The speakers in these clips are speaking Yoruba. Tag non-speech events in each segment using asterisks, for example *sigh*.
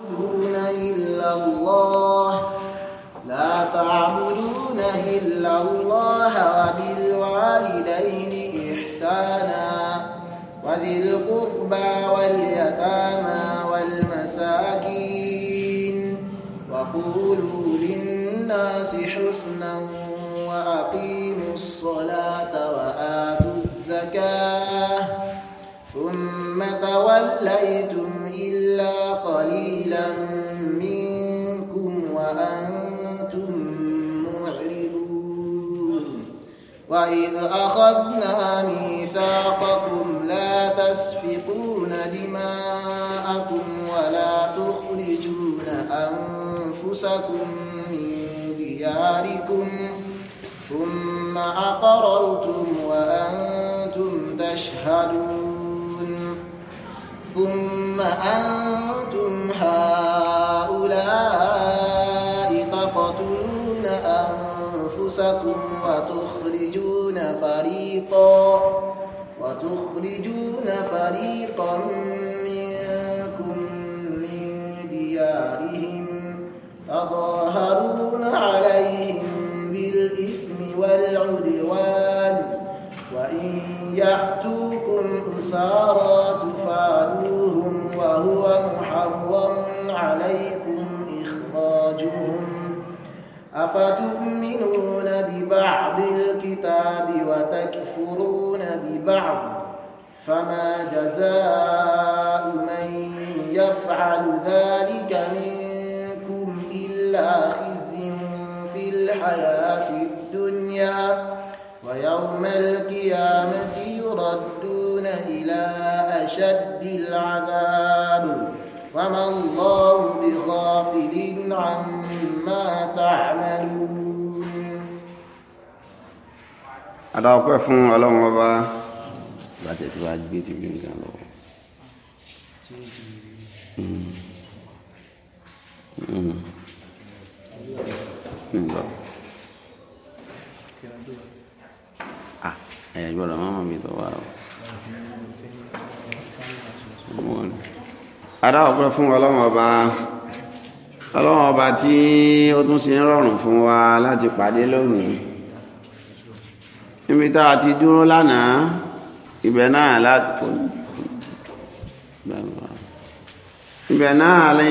تعبدون إلا الله لا تعبدون إلا الله وبالوالدين إحسانا وذي القربى واليتامى والمساكين وقولوا للناس حسنا وأقيموا الصلاة وآتوا الزكاة ثم توليتم إلا قليلا منكم وأنتم معرضون وإذ أخذنا ميثاقكم لا تسفقون دماءكم ولا تخرجون أنفسكم من دياركم ثم أقررتم وأنتم تشهدون ثم أنتم هؤلاء تقتلون أنفسكم وتخرجون فريقا وتخرجون فريقا منكم من ديارهم تظاهرون عليهم بالإثم والعدوان يأتوكم أسارى تفعلوهم وهو محرم عليكم إخراجهم أفتؤمنون ببعض الكتاب وتكفرون ببعض فما جزاء من يفعل ذلك منكم إلا خزي في الحياة الدنيا ويوم القيامة يردون إلى أشد العذاب وما الله بغافل عما تعملون أدعوك فون على مبا بعد اتباع بيتي بيوم كان لو Mm-hmm. ẹ gbọ́dọ̀ mọmọ mi tó wà o. adáwọ̀pẹ́ fún ọlọ́wọ́n ọba ọlọ́wọ́n ọba tí ó tún ṣe ń rọrùn fún wa láti pàdé lónìí níbi tá a ti dúró lánàá ibẹ̀ náà láti ibẹ̀ náà ni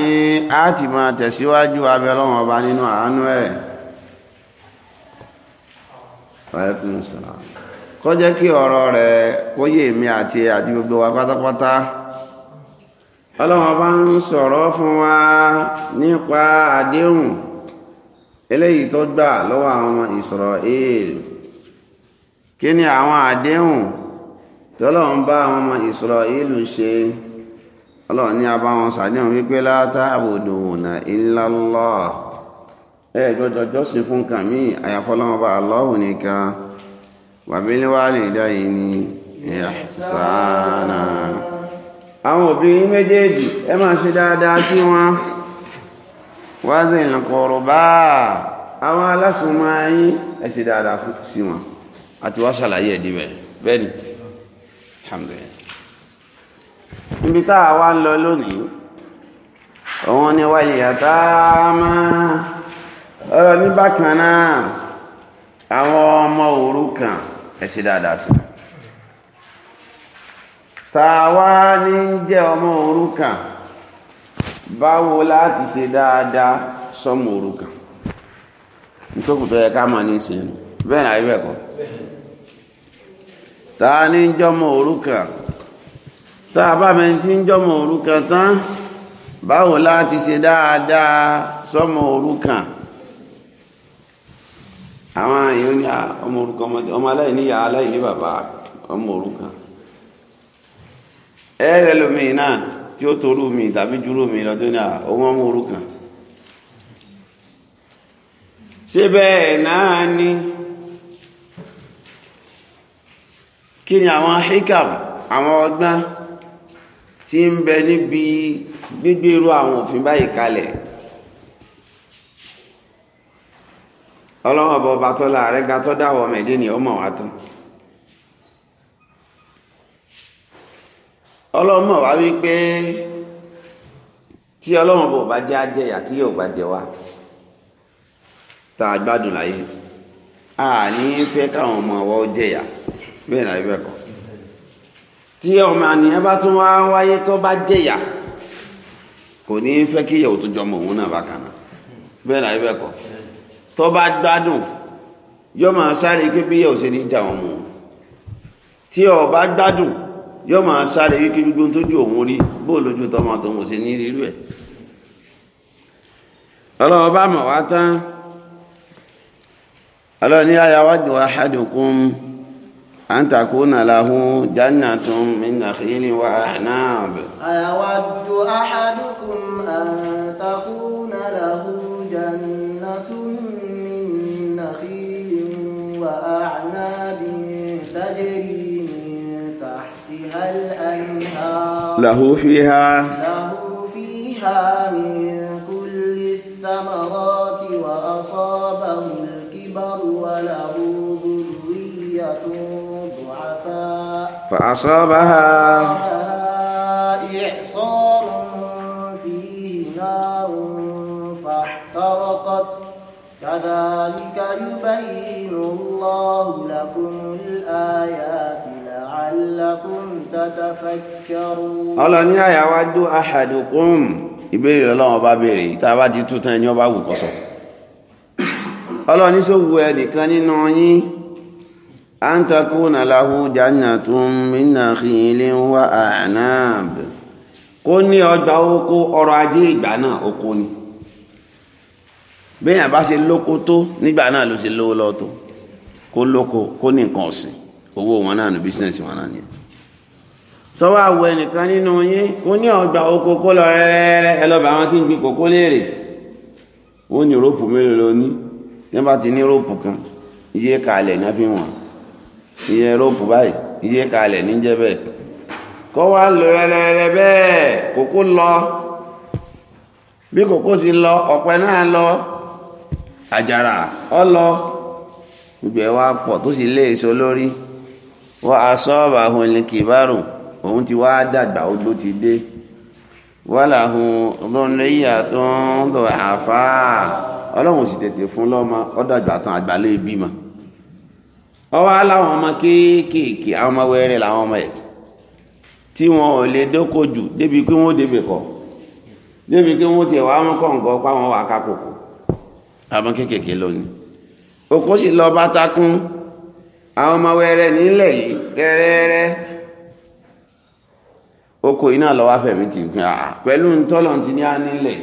a ti máa tẹ̀síwájú abẹ́ ọlọ́wọ́n ọba nínú àánú ẹ̀. Wa alaikum salaam. kó jẹ́ kí ọ̀rọ̀ rẹ̀ kó yé àti àti gbogbo wa pátápátá ọlọ́wọ́n bá ń sọ̀rọ̀ fún wa nípa àdéhùn eléyìí tó gbà lọ́wọ́ àwọn Ísírẹ́lì kí ni àwọn àdéhùn tọ́lọ́wọ́n bá àwọn ọmọ ṣe ọlọ́wọ́n ní abáwọn sàdéhùn wípé fún kàmí bá Allah nìkan وبالوالدين إحسانا àwọn òbí méjèèjì ẹ máa ṣe dáadáa sí wọn wazil qurba àwọn alásùnmọ́ yín ẹ ṣe dáadáa sí wọn àti wá ṣàlàyé ẹ̀dí bẹ̀ bẹ́ẹ̀ni ibi tá wá ń lọ lónìí òun ni wáyé àtàmà ọ̀rọ̀ ní bákan náà àwọn ọmọ òrukàn ẹ̀ṣẹ̀ dáadáa sọ tàwa ní jẹ́ ọmọ òrukàn báwo láti ṣe dáadáa sọmọ òrukàn nítòkùtò yẹ ká máa ní ìsinmi bẹ́ẹ̀ náà ibẹ̀ ta ní jọmọ òrukàn tá a bá tí ń jọmọ tán ṣe dáadáa sọmọ àwọn èèyàn ní ọmọ orúkọ ọmọ aláìníyà aláìní bàbá ọmọ orúkọ ẹ̀rẹ̀ lómi náà tí ó torú mi tàbí júrú mi lọ tó ní àwọn ọmọ orúkọ ṣé bẹ́ẹ̀ náà ni kí ni àwọn hikam àwọn ọgbọ́n tí ń bẹ níbi gbígbèrú àwọn òfin báyìí kalẹ̀ ọlọ́wọ́ bọ́ bá tọ́ láàrẹ́ ga tọ́ dáwọ́ mẹ́dé ni ó mọ̀ wá tán ọlọ́mọ̀ wá wípé tí ọlọ́wọ́ bọ̀ bá jẹ́ ajẹ́yà tí yóò bá jẹ wá tá a gbádùn láyé a ní fẹ́ káwọn ọmọ ọwọ́ jẹ̀yà bẹ́ẹ̀ láyé bẹ́ẹ̀ tó bá gbádùn yóò máa sáré kí bí yóò ṣe ní ìjà wọn mú tí ó bá gbádùn yóò máa sáré wíkí gbogbo tójú òun rí bó lójú tọmọ tó mọ̀ sí ní rírú ẹ̀ ọlọ́wọ́ bá mọ̀ wá tán ọlọ́wọ́ ní ayáwájú ahadukum an takuna lahu jannatun min nakhilin wa anab ayáwájú ahadukum an takuna lahu jannatun تجري من تحتها الأنهار له فيها له فيها من كل الثمرات وأصابه الكبر وله ذرية ضعفاء فأصابها إعصار فيه نار فاحترقت كذلك يبين الله لكم الآيات لعلكم تتفكرون ọlọ́ni àyàwájú ahadukum ìbéèrè ọlọ́run ọba béèrè ìta bá ti tún tán ẹni ọba wù kọ́sọ̀ ọlọ́ni sóhù ẹnìkan nínú yín à ń takúnà lahu jannatun min nakhilin wa a'nab kó ní ọgbà oko ọrọ̀ ajé ìgbà náà oko ni bẹ́ẹ̀ bá ṣe lóko tó nígbà náà ló ṣe lówó lọ́wọ́ kó lóko kó owó wọn náà ní wọn náà ni sọ́wọ́ àwọ̀ ẹnìkan nínú yín ó ní ọgbà oko kó lọ rẹ́rẹ́rẹ́ ẹ lọ́ba àwọn tí ń gbin kòkó léèrè wọ́n ní róòpù mélòó ló ní bá ti kan iye kalẹ̀ ní fi wọ̀n iye róòpù báyìí iye kalẹ̀ ní jẹ́ bẹ́ẹ̀ kọ́ lọ rẹ́rẹ́rẹ́ bẹ́ẹ̀ kòkó lọ bí kòkó ti lọ ọ̀pẹ náà lọ àjàrà ọlọ gbogbo ẹ wá pọ̀ tó sì lé èso lórí wọ́n asọ́ọ̀bà hun ilé kìbárù òun ti wá dàgbà ogbó ti dé wọ́n làhun ọlọ́nlẹ́yà tó ń lọ àfá ọlọ́run sì tètè fún lọ́mọ ọdọ̀gbà tán àgbàlẹ́ ìbímọ ọwọ́ aláwọn ọmọ kéékèèké àwọn ọmọ wẹ́rẹ́ làwọn ọmọ ẹ̀ tí wọn ò lè dókòjù débi pé wọ́n débi kọ̀ débi pé wọ́n tiẹ̀ wá mọ́kànkọ́ pa wà kákòkò àwọn kéékèèké lónìí òkú sì lọ bá takún àwọn ọmọ wẹrẹ nílẹ̀ yìí rẹ́rẹ́rẹ́ oko iná lọ́wọ́ fẹ̀mí ti gbìn àà pẹ̀lú ntọ́lọ̀ ti ní a nílẹ̀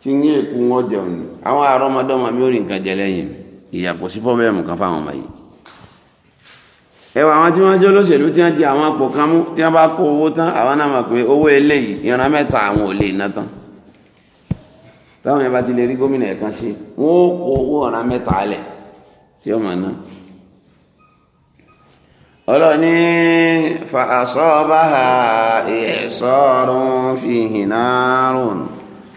ti ní èkú wọn jẹun ni àwọn àrọ́mọdọ́mọ mi ò rí nǹkan ìyàpọ̀ sí kan fáwọn ọmọ yìí ẹwà àwọn tí wọ́n jẹ́ olóṣèlú tí wọ́n di àwọn àpò kan mú tí wọ́n bá táwọn yẹn bá ti lè rí gómìnà ẹ̀kan ṣe wọ́n ó kó owó ọ̀ràn mẹ́ta alẹ̀ tí ó máa ná ọlọ́ni fàṣọ́báhà ìṣọ́rùn fi hìnárùn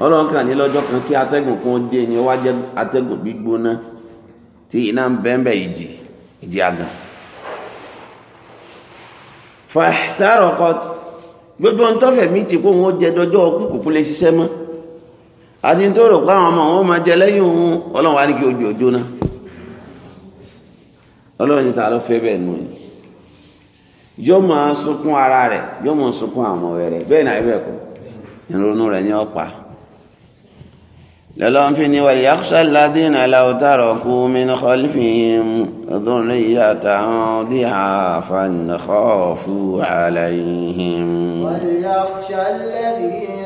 ọlọ́run kàn ní lọ́jọ́ kan kí atẹ́gùn kan dé ní wá jẹ́ atẹ́gùn gbígbóná tí iná ń bẹ́ẹ̀bẹ̀ ìjì ìjì àgàn fàtàrọ̀kọ gbogbo ń tọ́fẹ̀ mí ti kó wọn jẹ dọjọ́ kúkú lè ṣiṣẹ́ mọ́ àti tó rò pé àwọn ọmọ wọn máa jẹ lẹ́yìn òun ọlọ́run wá ní kí ojú ojú náà ọlọ́run ní ta ló fẹ́ bẹ́ẹ̀ nù yìí yóò máa sunkún ara rẹ̀ yóò máa sunkún àwọn ọ̀rẹ́ rẹ̀ bẹ́ẹ̀ náà bẹ́ẹ̀ ìrònú rẹ̀ ní ọ̀pá lọ́lọ́run fi ní wàlẹ̀ yakhsha alladhina law taraku min khalfihim dhurriyyatan dha'fan khafu alayhim. wàlẹ̀ yakhsha alladhina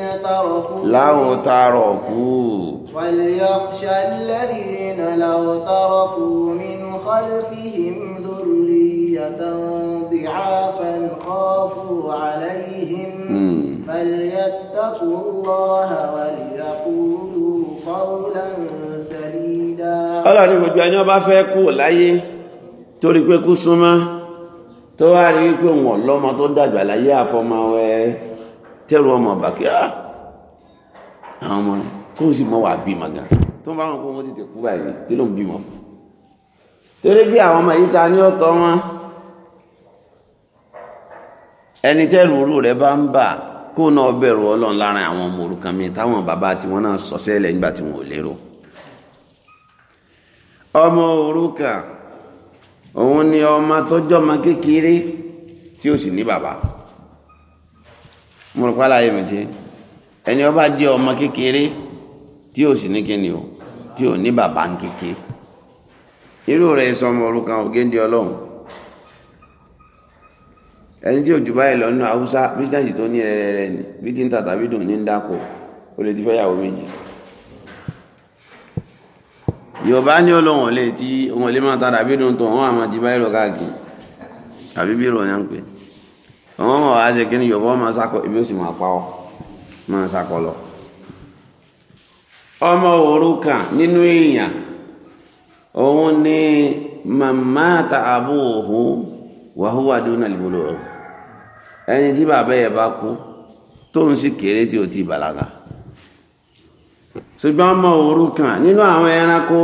láwọn tààrọ̀ kú فليتقوا الله وليقولوا قولا سديدا ọlọ́ni gbogbo ẹni bá fẹ́ kú láyé torí pé kú súnmọ́ tó wá rí pé wọn lọ́mọ tó dàgbà láyé àfọmọ wẹ́ẹ́ tẹ́rù ọmọ ọba kí á ah! àwọn ọmọ kó sì mọ́ wà bímọ gan tó bá wọn kó wọn tètè kú báyìí kí ló ń bímọ fún torí bí àwọn ọmọ yìí ta ní ọ̀tọ̀ wọn ẹni tẹ́rù orú rẹ̀ bá ń bà kó náà bẹ̀rù ọlọ́run lára ọmọ wọn ò lérò ọmọ òun ni ọmọ mo rò pálá yẹn ti ẹni ó bá jẹ́ ọmọ kékeré tí ò sì ní kíni o tí ò ní bàbá ń kéke irú rẹ̀ sọ ọmọ òrukàn ògéńdé ọlọ́run ẹni tí òjò báyìí lọ nínú haúsá bísíǹsì tó ní ẹrẹ ni bí ti ń tà tàbí dùn ní ń dáko ó lè ti fẹ́ yàwó méjì yorùbá ní ọlọ́wọ̀n lè ti òun lè máa ta tàbí dùn tó wọn àmọ́ ti báyìí lọ káàkiri tàbí bí ìròyìn ń pè é wọ́n mọ̀ wá ṣe kí ni yọ̀bọ̀ máa sákọ̀ ibi ó sì máa pa ọ́ máa sákọ̀ lọ. ọmọ òrukàn nínú èèyàn òun ni àbú òhun wàhúwà dúnà ìbúlò ẹni tí bàbá yẹn bá kú tóun sì kéré tí ti bàlágà ṣùgbọ́n ọmọ nínú àwọn ẹranko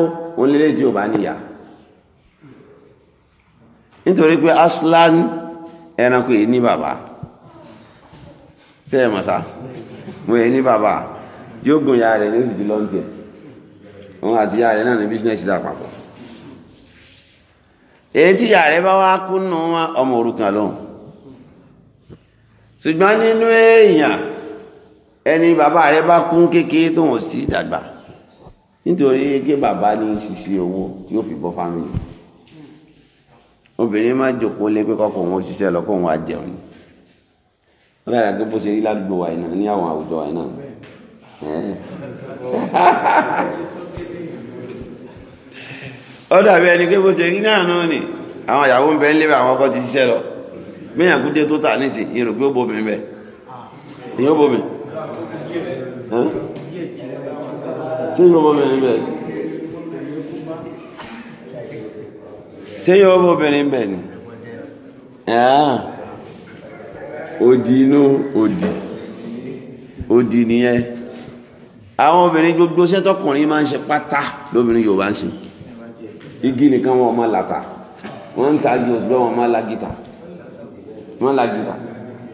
ẹranko yìí ní bàbá ṣe é mọ̀sá mo yẹ ní bàbá yóò gùn ya rẹ̀ yóò sì di lọ́ntì ẹ̀ òun àti ya rẹ̀ náà ní bísínẹ́sì dà papọ̀ èyí tí ya rẹ̀ bá wá kú nù wọn ọmọ òrukàn lóhùn ṣùgbọ́n nínú èèyàn ẹni bàbá rẹ̀ bá kún kékeré tóun sì dàgbà nítorí pé bàbá ní ṣíṣe owó tí ó fi bọ́ fámìlì obìnrin má jòkó lé pé kọ́kọ́ òun ṣiṣẹ́ lọ kó òun á jẹun ni wọ́n dára pé bó ṣe rí ládùúgbò wa iná ní àwọn àwùjọ wa iná ó dàbí ẹni pé bó ṣe rí náà náà ni àwọn ìyàwó ń bẹ ń lébà àwọn ọkọ ti ṣiṣẹ́ lọ gbéyàn kú tó tà nísì irò pé ó bomi bẹ ìyẹn ó bomi ṣé ìyẹn ó bomi bẹ. ṣé yóò bó obìnrin bẹ̀ ni òdì inú òdì òdì nìyẹn àwọn obìnrin gbogbo sẹ́tọ̀kùnrin máa ń ṣe pátá lóbìnrin Yorùbá ń ṣe igi nìkan wọn ọmọ làtà wọn ń ta igi òṣùgbọ́n wọn máa la gìtà wọn la gìtà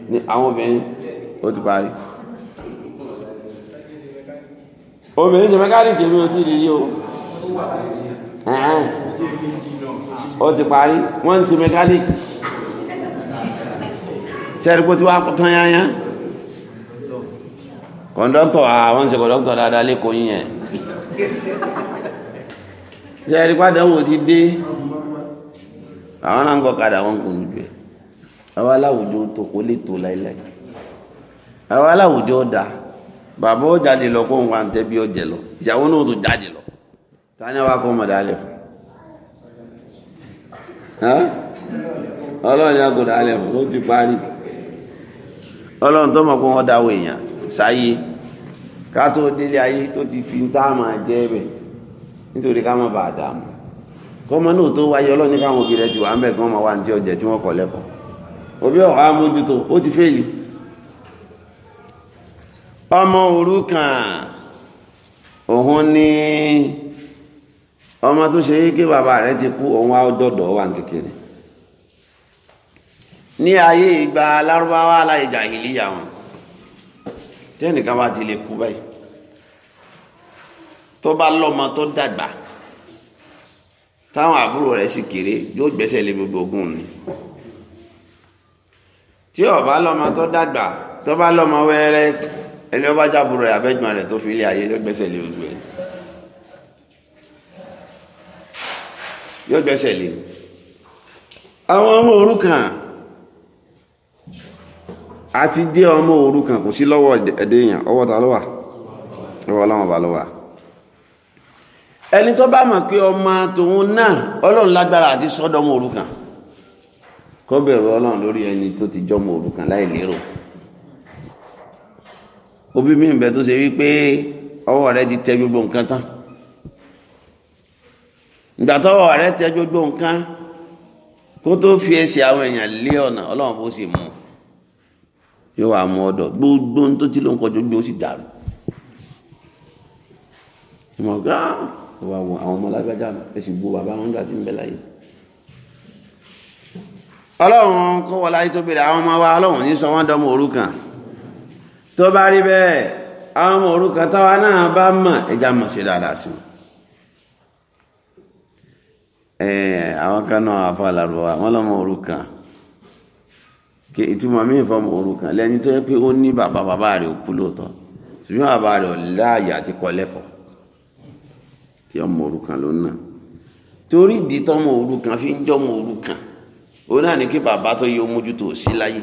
ni àwọn obìnrin ó ti parí obìnrin ṣe mẹkáníìkì mi ò tí ì lè yí o. ó ti parí wọ́n ń ṣe mẹkáníkì sẹ́ríkó tí wàá tán yányá kọ̀ńdọ́tọ̀ àwọn ń dáadáa lẹ́kọ̀ọ́ yín yẹn ti dé àwọn náà ń kọ́ kadà wọn kò ní jù ẹ̀ àwọn aláwùjọ tó kó lè tó láíláí àwọn aláwùjọ dà bàbá ó jáde lọ kó ń wá ń tẹ́ bí ó jẹ lọ ìyàwó náà jáde lọ tani kó mọ̀ dálẹ̀ fún ọlọ́run yà gòdà alẹ́ ó ti parí ọlọ́run tó mọ̀ pé wọ́n èèyàn sáyé ká tó délé ayé tó ti fi ń jẹ́ ẹ̀bẹ̀ nítorí ká má bàa dààmú kọ́mọ náà tó wáyé ọlọ́run ní káwọn òbí ti wà ń bẹ̀ kí wọ́n máa wá ní ọjẹ́ tí wọ́n kọ̀ lẹ́kọ̀ọ́ ọmọ tó ṣe yí kí bàbá rẹ̀ ti kú òun á dọ̀dọ̀ wà kékeré ní ayé ìgbà lárúbáwá aláìjà ìlíyà wọn tẹ́nìkan bá ti lè kú báyìí tó bá lọ́mọ tó dàgbà táwọn àbúrò rẹ̀ sì kéré yóò gbẹ́sẹ̀ lé gbogbo ogun ni tí ó bá lọ́mọ tó dàgbà tó bá lọ́mọ wẹ́rẹ́ ẹni ó bá jábúrò rẹ̀ abẹ́gbọ̀n rẹ̀ tó fi ilé ayé yóò gbẹ́sẹ̀ lé gbogbo ẹ̀ yóò gbẹ́sẹ̀ lé àwọn ọmọ òrukàn àti jẹ́ ọmọ òrukàn kò sí lọ́wọ́ ẹ̀dẹ́ èèyàn ọwọ́ ta ló wà lọ́wọ́ ọlọ́wọ́ bá ló wà ẹni tó bá mọ̀ pé ọmọ tòun náà ọlọ́run lágbára àti sọ́dọ̀mọ òrukàn kó bẹ̀rù ọlọ́run lórí ẹni tó ti jọmọ òrukàn láì lérò obi mi ń bẹ tó ṣe wípé ọwọ́ rẹ ti tẹ gbogbo nǹkan tán ìgbà tọ́wọ́ rẹ tẹ gbogbo nǹkan kó tó fi ẹsẹ̀ àwọn èèyàn lé ọ̀nà ọlọ́run bó sì mú yóò wá mú ọ̀dọ̀ gbogbo tó ti ló ń kọjú gbogbo sì dàrú ìmọ̀ gán wà wọ àwọn ọmọ lágbájá ẹ sì gbó bàbá wọn gbàdí ń bẹ láyé ọlọ́run kó wọ láyé tó bèrè àwọn ọmọ wa ọlọ́run ní sọ wọ́n dọ́mọ òrukàn tó bá rí bẹ́ẹ̀ àwọn ọmọ òrukàn táwa náà bá mọ̀ ẹja mọ̀ sí dáadáa sí wọn Eh, àwọn kan náà àfa àlàrúbáwá wọn lọ́mọ òrukàn kí ìtumọ̀ mí ìfọmọ òrukàn lẹ́ni tó yẹ pé ó ní bàbá bàbá rẹ̀ òkú lóòótọ́ ṣùgbọ́n bàbá rẹ̀ láàyè àti kọ́ kí ọmọ òrukàn ló náà torí ìdí tọmọ òrukàn fi ń jọmọ òrukàn òun náà ní kí bàbá tó yẹ omójútó sí láyé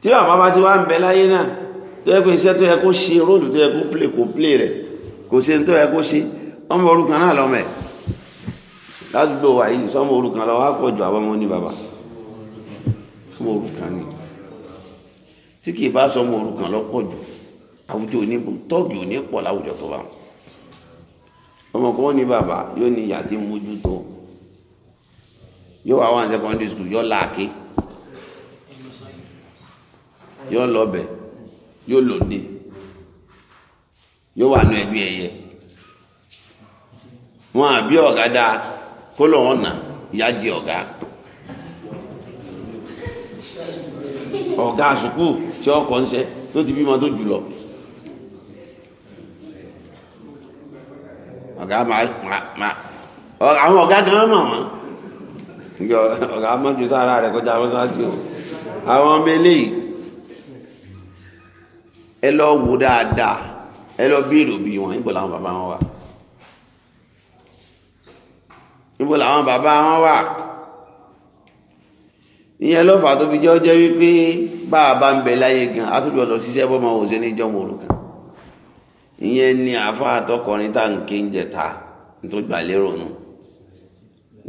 tí bàbá bá ti wá ń bẹ láyé náà tó yẹ kó iṣẹ́ tó yẹ kó ṣe róòlù tó yẹ kó plé kó plé rẹ̀ kò ṣe tó yẹ kó ṣe ọmọ òrukàn náà lọ́mọ ẹ̀ ládùúgbò wa yìí sọmọ orúkan lọ wá pọ̀jù àwọn ọmọ ní bàbá sọmọ orúkan ni tí kì í bá sọmọ orúkan lọ pọ̀jù àwùjọ onípò tọ́ọ̀gì onípọ̀ láwùjọ tó bá ọmọ kan ní bàbá yóò ní ìyá tí ń mójútó yóò wá wá ní secondary school yóò láàké yóò lọ́bẹ̀ yóò lòdì yóò wà ní ẹbí ẹyẹ wọn àbí ọ̀gá dáa. kolo lòun ya ìyá oga ọ̀gá ọ̀gá tí ọkọ̀ ń ṣe tó ti bímọ tó jùlọ ọ̀gá ma àwọn gan mọ̀ wọ́n ma ju sara rẹ̀ kọjá mọ́sáàsì o àwọn ọmọ eléyìí ẹ lọ wò dáadáa ẹ lọ bí èrò bí níbo làwọn bàbá wọn wà ìyẹn ló fà tó fi jẹ́ ọjọ́ wípé bá a bá ń bẹ láyé gan atúbí ọ̀dọ̀ ṣiṣẹ́ bọ́ máa wò sí ní jọmọ̀ òrukàn ìyẹn ni àfa àtọkọrin tá nké ń jẹta tó gbà lérò nù.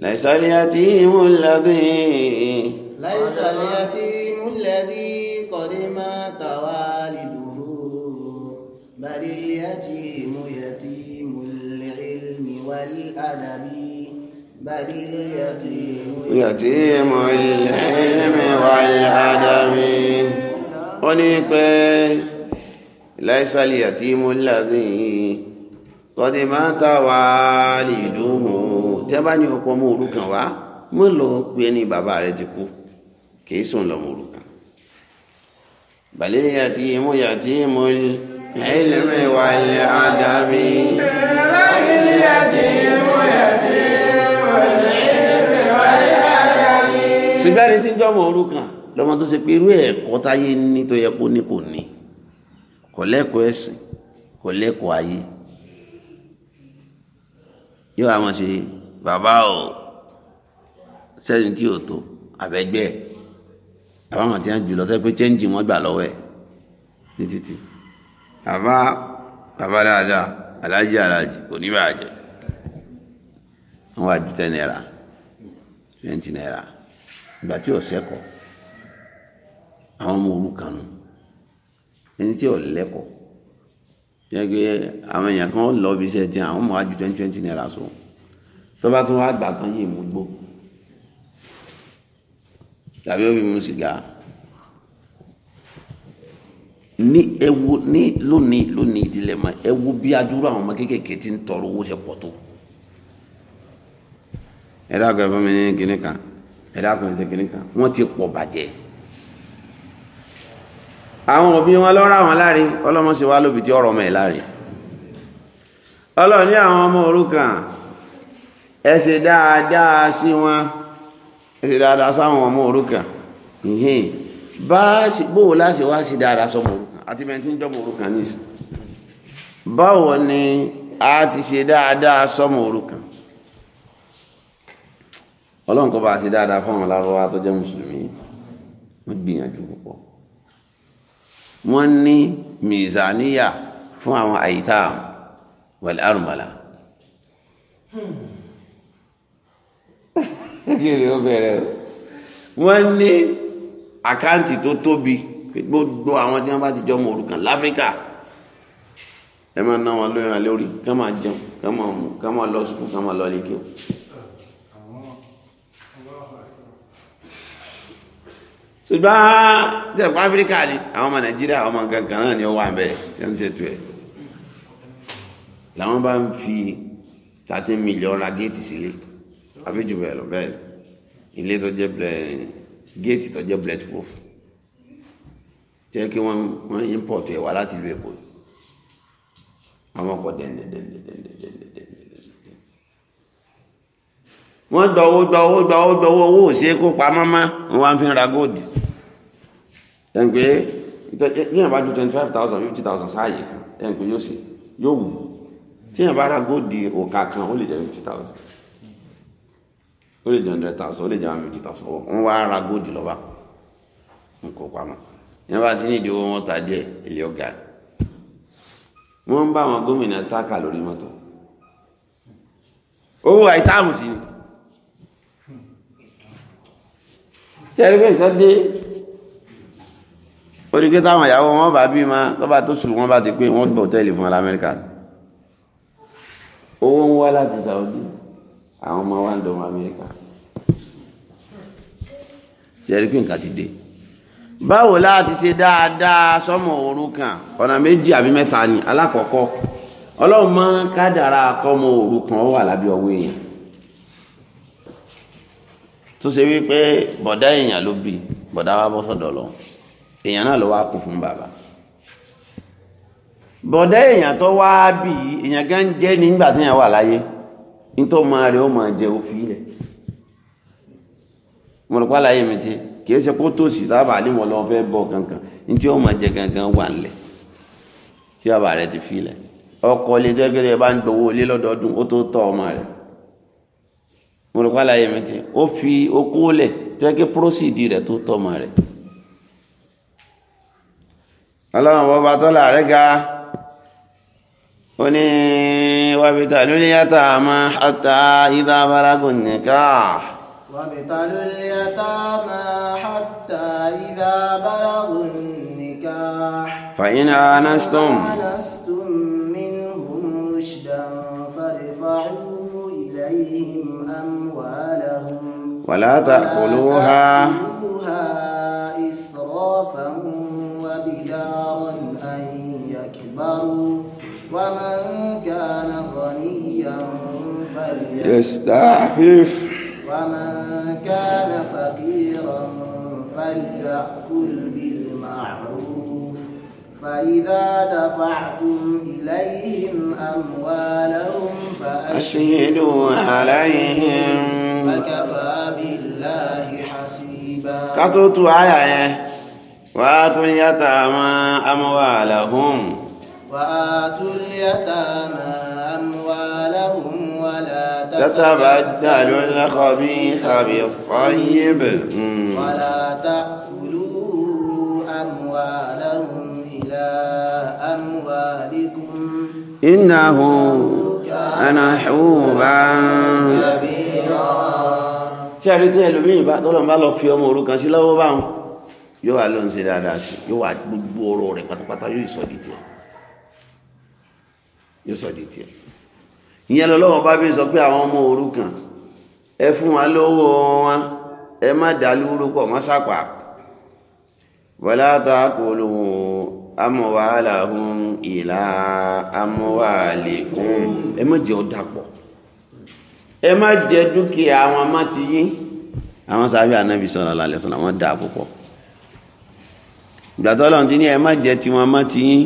lẹ́sàlẹ́yàtì ìmúlẹ́dì. lẹ́sàlẹ́yàtì ìmúlẹ́dì kọ́dé máa tàwa lìlúrú bàdìlẹ́yàtì ìmúyẹ̀tì ìmúlẹ́ẹ̀lì wàlí àdàbí. بل اليتيم يتيم الحلم والهدم ó ní pé láìsàlì àti mọ́láàdì kọ́dí máa tàwà lè dúnhùn tẹ́ bá ní ọ̀pọ̀ mọ́ òrukàn wá mọ́ lọ ti kú kìí sùn lọ mọ́ òrukàn bàlẹ́lẹ́ àti mọ́ yàtí mọ́ ilẹ̀ mẹ́wàá ilẹ̀ sífẹ́ni tí ń jọmọ̀ orúkàn lọ́mọ tó ṣe pé irú ẹ̀kọ́ táyé ní tó yẹ kó ní kò ní kò lẹ́kọ̀ọ́ ẹ̀sìn kò lẹ́kọ̀ọ́ ayé yóò àwọn ṣe bàbá ò sẹ́yìn tí ò tó àbẹ́gbẹ́ àbáwọn tí wọ́n jù lọ sẹ́ pé chẹ́ńjì wọ́n gbà lọ́wọ́ ẹ̀ ní títì bàbá bàbá dáadáa aláàjì aláàjì kò ní bàjẹ́ wọ́n wá ju tẹ́ náírà twenty náírà ìgbà tí ò sẹ́kọ̀ọ́ àwọn ọmọ òrukàn nù ẹni tí ò lẹ́kọ̀ọ́ yẹ́gbẹ́ àwọn èèyàn kan lọ bí iṣẹ́ tí àwọn ọmọ ajú twenty twenty naira so tó bá tún wá gbà kan yìí mú gbó tàbí ó fi mú sìgá ní ewu ní lónìí lónìí ìdílé ma ewu bí adúrú àwọn ọmọ kéékèèké ti ń tọrọ owó ṣe pọ̀ tó ẹ dákọ̀ fún mi ní kinní kan ẹ̀dá kan ẹsẹ̀ kìnnì kan wọ́n ti pọ̀ bàjẹ́ àwọn òbí wọn lọ́rọ̀ àwọn láre ọlọ́mọ ṣe wá lóbi tí ọ̀rọ̀ ọmọ ẹ̀ láre ọlọ́run ní àwọn ọmọ òrukàn ẹ ṣe dáadáa sí wọn ẹ ṣe dáadáa sáwọn ọmọ òrukàn ìhìn bá bóò láṣẹ wá sí dáadáa sọmọ òrukàn àti bẹni ń jọmọ òrukàn nìyí báwo ni a ti ṣe dáadáa sọmọ òrukàn ọlọ́run kọ́ bá ṣe dáadáa fún àwọn lárúbáwá tó jẹ́ mùsùlùmí wọ́n gbìyànjú púpọ̀ wọ́n ní mìzàníyà fún àwọn àyíká wàlẹ́ àrùnbàlà kéré ó bẹ̀rẹ̀ o wọ́n ní àkáǹtì tó tóbi gbogbo àwọn tí wọ́n bá ti jọ mọ̀ òrukàn láfíríkà ẹ máa ná wọn lóyún alẹ́ orí ká máa jẹun ká máa lọ sùkúl ká máa lọ ilé kí o. ṣùgbọ́n tẹ̀kọ́ áfíríkà ni àwọn ọmọ nàìjíríà àwọn ọmọ gangan náà ni ó wà ń bẹ tí wọ́n ń ṣètò ẹ̀ làwọn bá ń fi thirteen million ra géètì sílé àbí jù bẹ́ẹ̀ lọ bẹ́ẹ̀ ilé tó jẹ́ géètì tó jẹ́ bullet proof jẹ́ kí wọ́n wọ́n import ẹ̀ wá láti ìlú èkó àwọn ọkọ̀ dẹ̀ndẹ̀dẹ̀ndẹ̀dẹ̀dẹ̀ wọ́n gba owó gba owó gba owó gba owó owó òsì kó pa mọ́mọ́ wọ́n wá ń fi ra góòdì ẹn pé tíyẹn bá ju twenty five thousand fifty thousand sáàyè kan ẹn pé yóò ṣe yóò wù tíyẹn bá ra góòdì òkà kan ó lè jẹ fifty thousand ó lè jẹ hundred thousand ó lè jẹ one fifty thousand wọ́n wá ra góòdì lọ́ba wọn kó pamọ́ yẹn bá ti ní ìdíwọ́ wọn ta díẹ̀ ilé ọ̀gá wọ́n ń bá àwọn gómìnà táàkà lórí mọ́tò owó àìtáàmù sí ni. sẹ́rí pé nǹkan dé oríkẹ́ táwọn ìyàwó wọn bá bí ma tó bá tó sùn wọn bá ti pé wọ́n gbọ́ tẹ́lì fún alamẹ́ríkà owó ń wá láti Saudi àwọn ọmọ wa ń dọ̀mọ́ Amẹ́ríkà sẹ́rí pé nǹkan ti dé báwo láti ṣe dáadáa sọ́mọ òrukàn ọ̀nà méjì àbí mẹ́ta ni alákọ̀ọ́kọ́ ọlọ́run máa ń kádàrá akọ́mọ òrukàn ó wà lábẹ́ ọwọ́ èèyàn tó ṣe wípé bọ̀dá èèyàn ló bí bọ̀dá wa bọ́ sọ̀dọ̀ lọ èèyàn náà ló wá kú fún bàbá bọ̀dá èèyàn tó wá bí èèyàn gan jẹ́ nígbà tí èèyàn wà láyé nítorí máa rẹ̀ ó máa jẹ òfin ilẹ̀ mo rò pa láyé mi ti kì í ṣe kó tòsí ní fẹ́ bọ̀ kankan ní tí ó máa jẹ kankan wà nílẹ̀ tí bàbá ti fi ilẹ̀ ọkọ̀ ilé bá ń gbowó ilé lọ́dọọdún ó tó tọ́ mo rò pàlàyé mi ti ó fi okó lẹ̀ tó yẹ kí prósìdì rẹ̀ tó tọmọ rẹ̀ ọlọ́run bọ́ba tọ́lá rẹ̀ ga ó ní wàbìtà lórí yàtà àmọ́ àtà ìdá abárágùn nìkà. وابتلوا اليتامى حتى ولا تأكلوها إسرافا وبدارا أن يكبروا ومن كان غنيا فليستعفف ومن كان فقيرا فليأكل بالمعروف فإذا دفعتم إليهم أموالهم فأشهدوا عليهم فكفى kátó tu àyà yẹn wà á tún yàtà àmà àmúwà àlàhùn. wà á tún yàtà àmà àmúwà sàbí fọ́yébè. wà látà kùlù àmúwà tí a rí tí ẹlòmíyìn bá tọ́lọ̀ bá lọ fi ọmọ òrukàn sí lọ́wọ́ bá wọn yóò wá dáadáa sí yóò gbogbo rẹ̀ pátápátá yóò sọ di tiẹ̀ yóò sọ di tiẹ̀ ìyẹn bá bí sọ pé àwọn ọmọ òrukàn ẹ fún wa lọ́wọ́ wọn ẹ má dà lúrú pọ̀ mọ́ amọ̀wàhálà ìlà ọ dàpọ̀ ẹ má jẹ dúkìá àwọn ọmọ ti yín àwọn sábẹ́ ànábì sallallahu alaihi wasallam àwọn dáa púpọ̀ ìgbà tọ́lọ́run ti ní ẹ má jẹ tiwọn ọmọ ti yín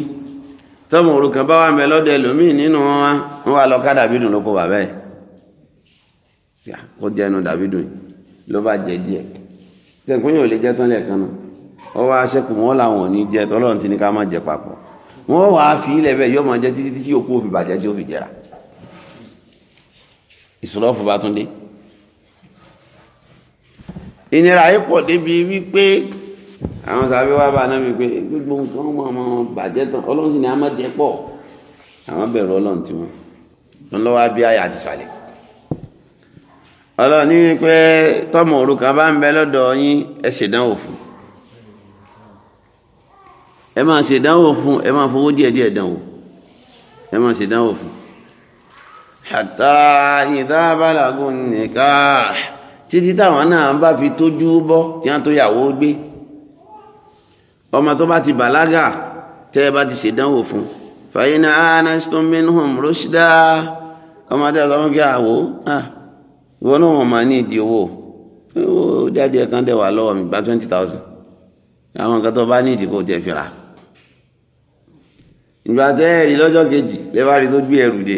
tọ́mù òrukàn bá wà mẹ́ lọ́dọ̀ ẹlòmíì nínú wọn wọn wà lọ ká dàbídùn ló kó bàbá ẹ̀ ó jẹnu dàbídùn ló bá jẹ díẹ̀ tẹ̀kún yóò lè jẹ́ tán lẹ́ẹ̀kan náà wọ́n wá ṣẹ́kù wọn làwọn ò ní jẹ tọ́lọ́run ti ní ká má jẹ papọ̀ wọ́n wàá fi ilẹ̀ bẹ́ẹ̀ yóò máa jẹ títí tí òkú òfin bàjẹ́ tí ó fi jẹra ìsúná fún Bátúndé ìnira yìí pọ̀ débi wípé àwọn sàbí wá bá náà wípé gbogbo nǹkan mọ̀ ọmọ bàjẹ́ tán ọlọ́run sì ni a máa jẹ pọ̀ àwọn bẹ̀rù ọlọ́run tí wọn ló lọ́wọ́ bí àyà àti sàlẹ̀ ọlọ́run ní wípé tọ́mọ òrukàn bá ń bẹ lọ́dọ̀ yín ẹ ṣèdánwò fún ẹ máa ṣèdánwò fún ẹ máa fowó díẹ̀ díẹ̀ dánwò ẹ máa ṣèdánwò fún hàtà ìdábàlágún nìkáà títí táwọn náà bá fi tójú bọ́ tí wọ́n tó yàwó gbé ọmọ tó bá ti bàlágà tẹ́ ẹ bá ti ṣèdánwò fún fàyínà anastom minhum rushda ọmọ tẹ́ ọ̀sán kí àwò ìwọ náà wọ́n máa ní ìdí owó owó jáde ẹ̀kan dẹ̀ wà lọ́wọ́ mi gba twenty thousand àwọn nǹkan tó bá ní ìdí kò tẹ̀ fi rà ìgbà tẹ́ ẹ̀rí lọ́jọ́ kejì lẹ́bàá rí tó gbé ẹrù dé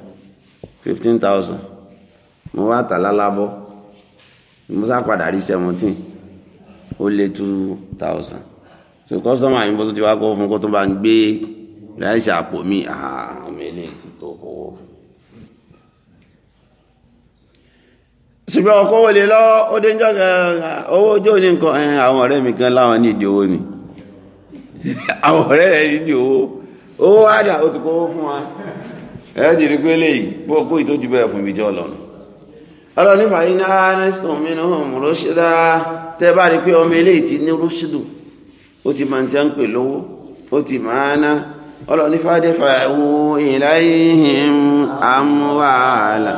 fifteen thousand mo wá tà lálábọ́ mo sá padà rí seventeen ó lé two thousand so kọ́sọ́mà yìí bó tó ti wá kó fún kó tó bá ń gbé ráìsì àpò mi ah, àmì eléyìí ti tó owó. ṣùgbọ́n ọkọ̀ wọlé lọ ó dé jọ́ owó ojú ní nǹkan eh, àwọn ọ̀rẹ́ mi kan láwọn ní ìdí owó ni *laughs* àwọn ọ̀rẹ́ rẹ̀ ní ìdí owó owó wádà ó ti kó owó fún wa ẹ̀ẹ́dì rí pé léyìí gbogbo ìtójú bẹ́ẹ̀ fún ibi jẹ́ ọlọ́run ọlọ́run nífà yìí ní aniston mínú rọ́ṣídá tẹ́ bá rí pé ọmọ eléyìí ti ní rọ́ṣídù ó ti máa ń tẹ́ ń pè lówó ó ti máa ná ọlọ́run nífà dẹ́fà ẹ̀wò ìláyìn amúhàlà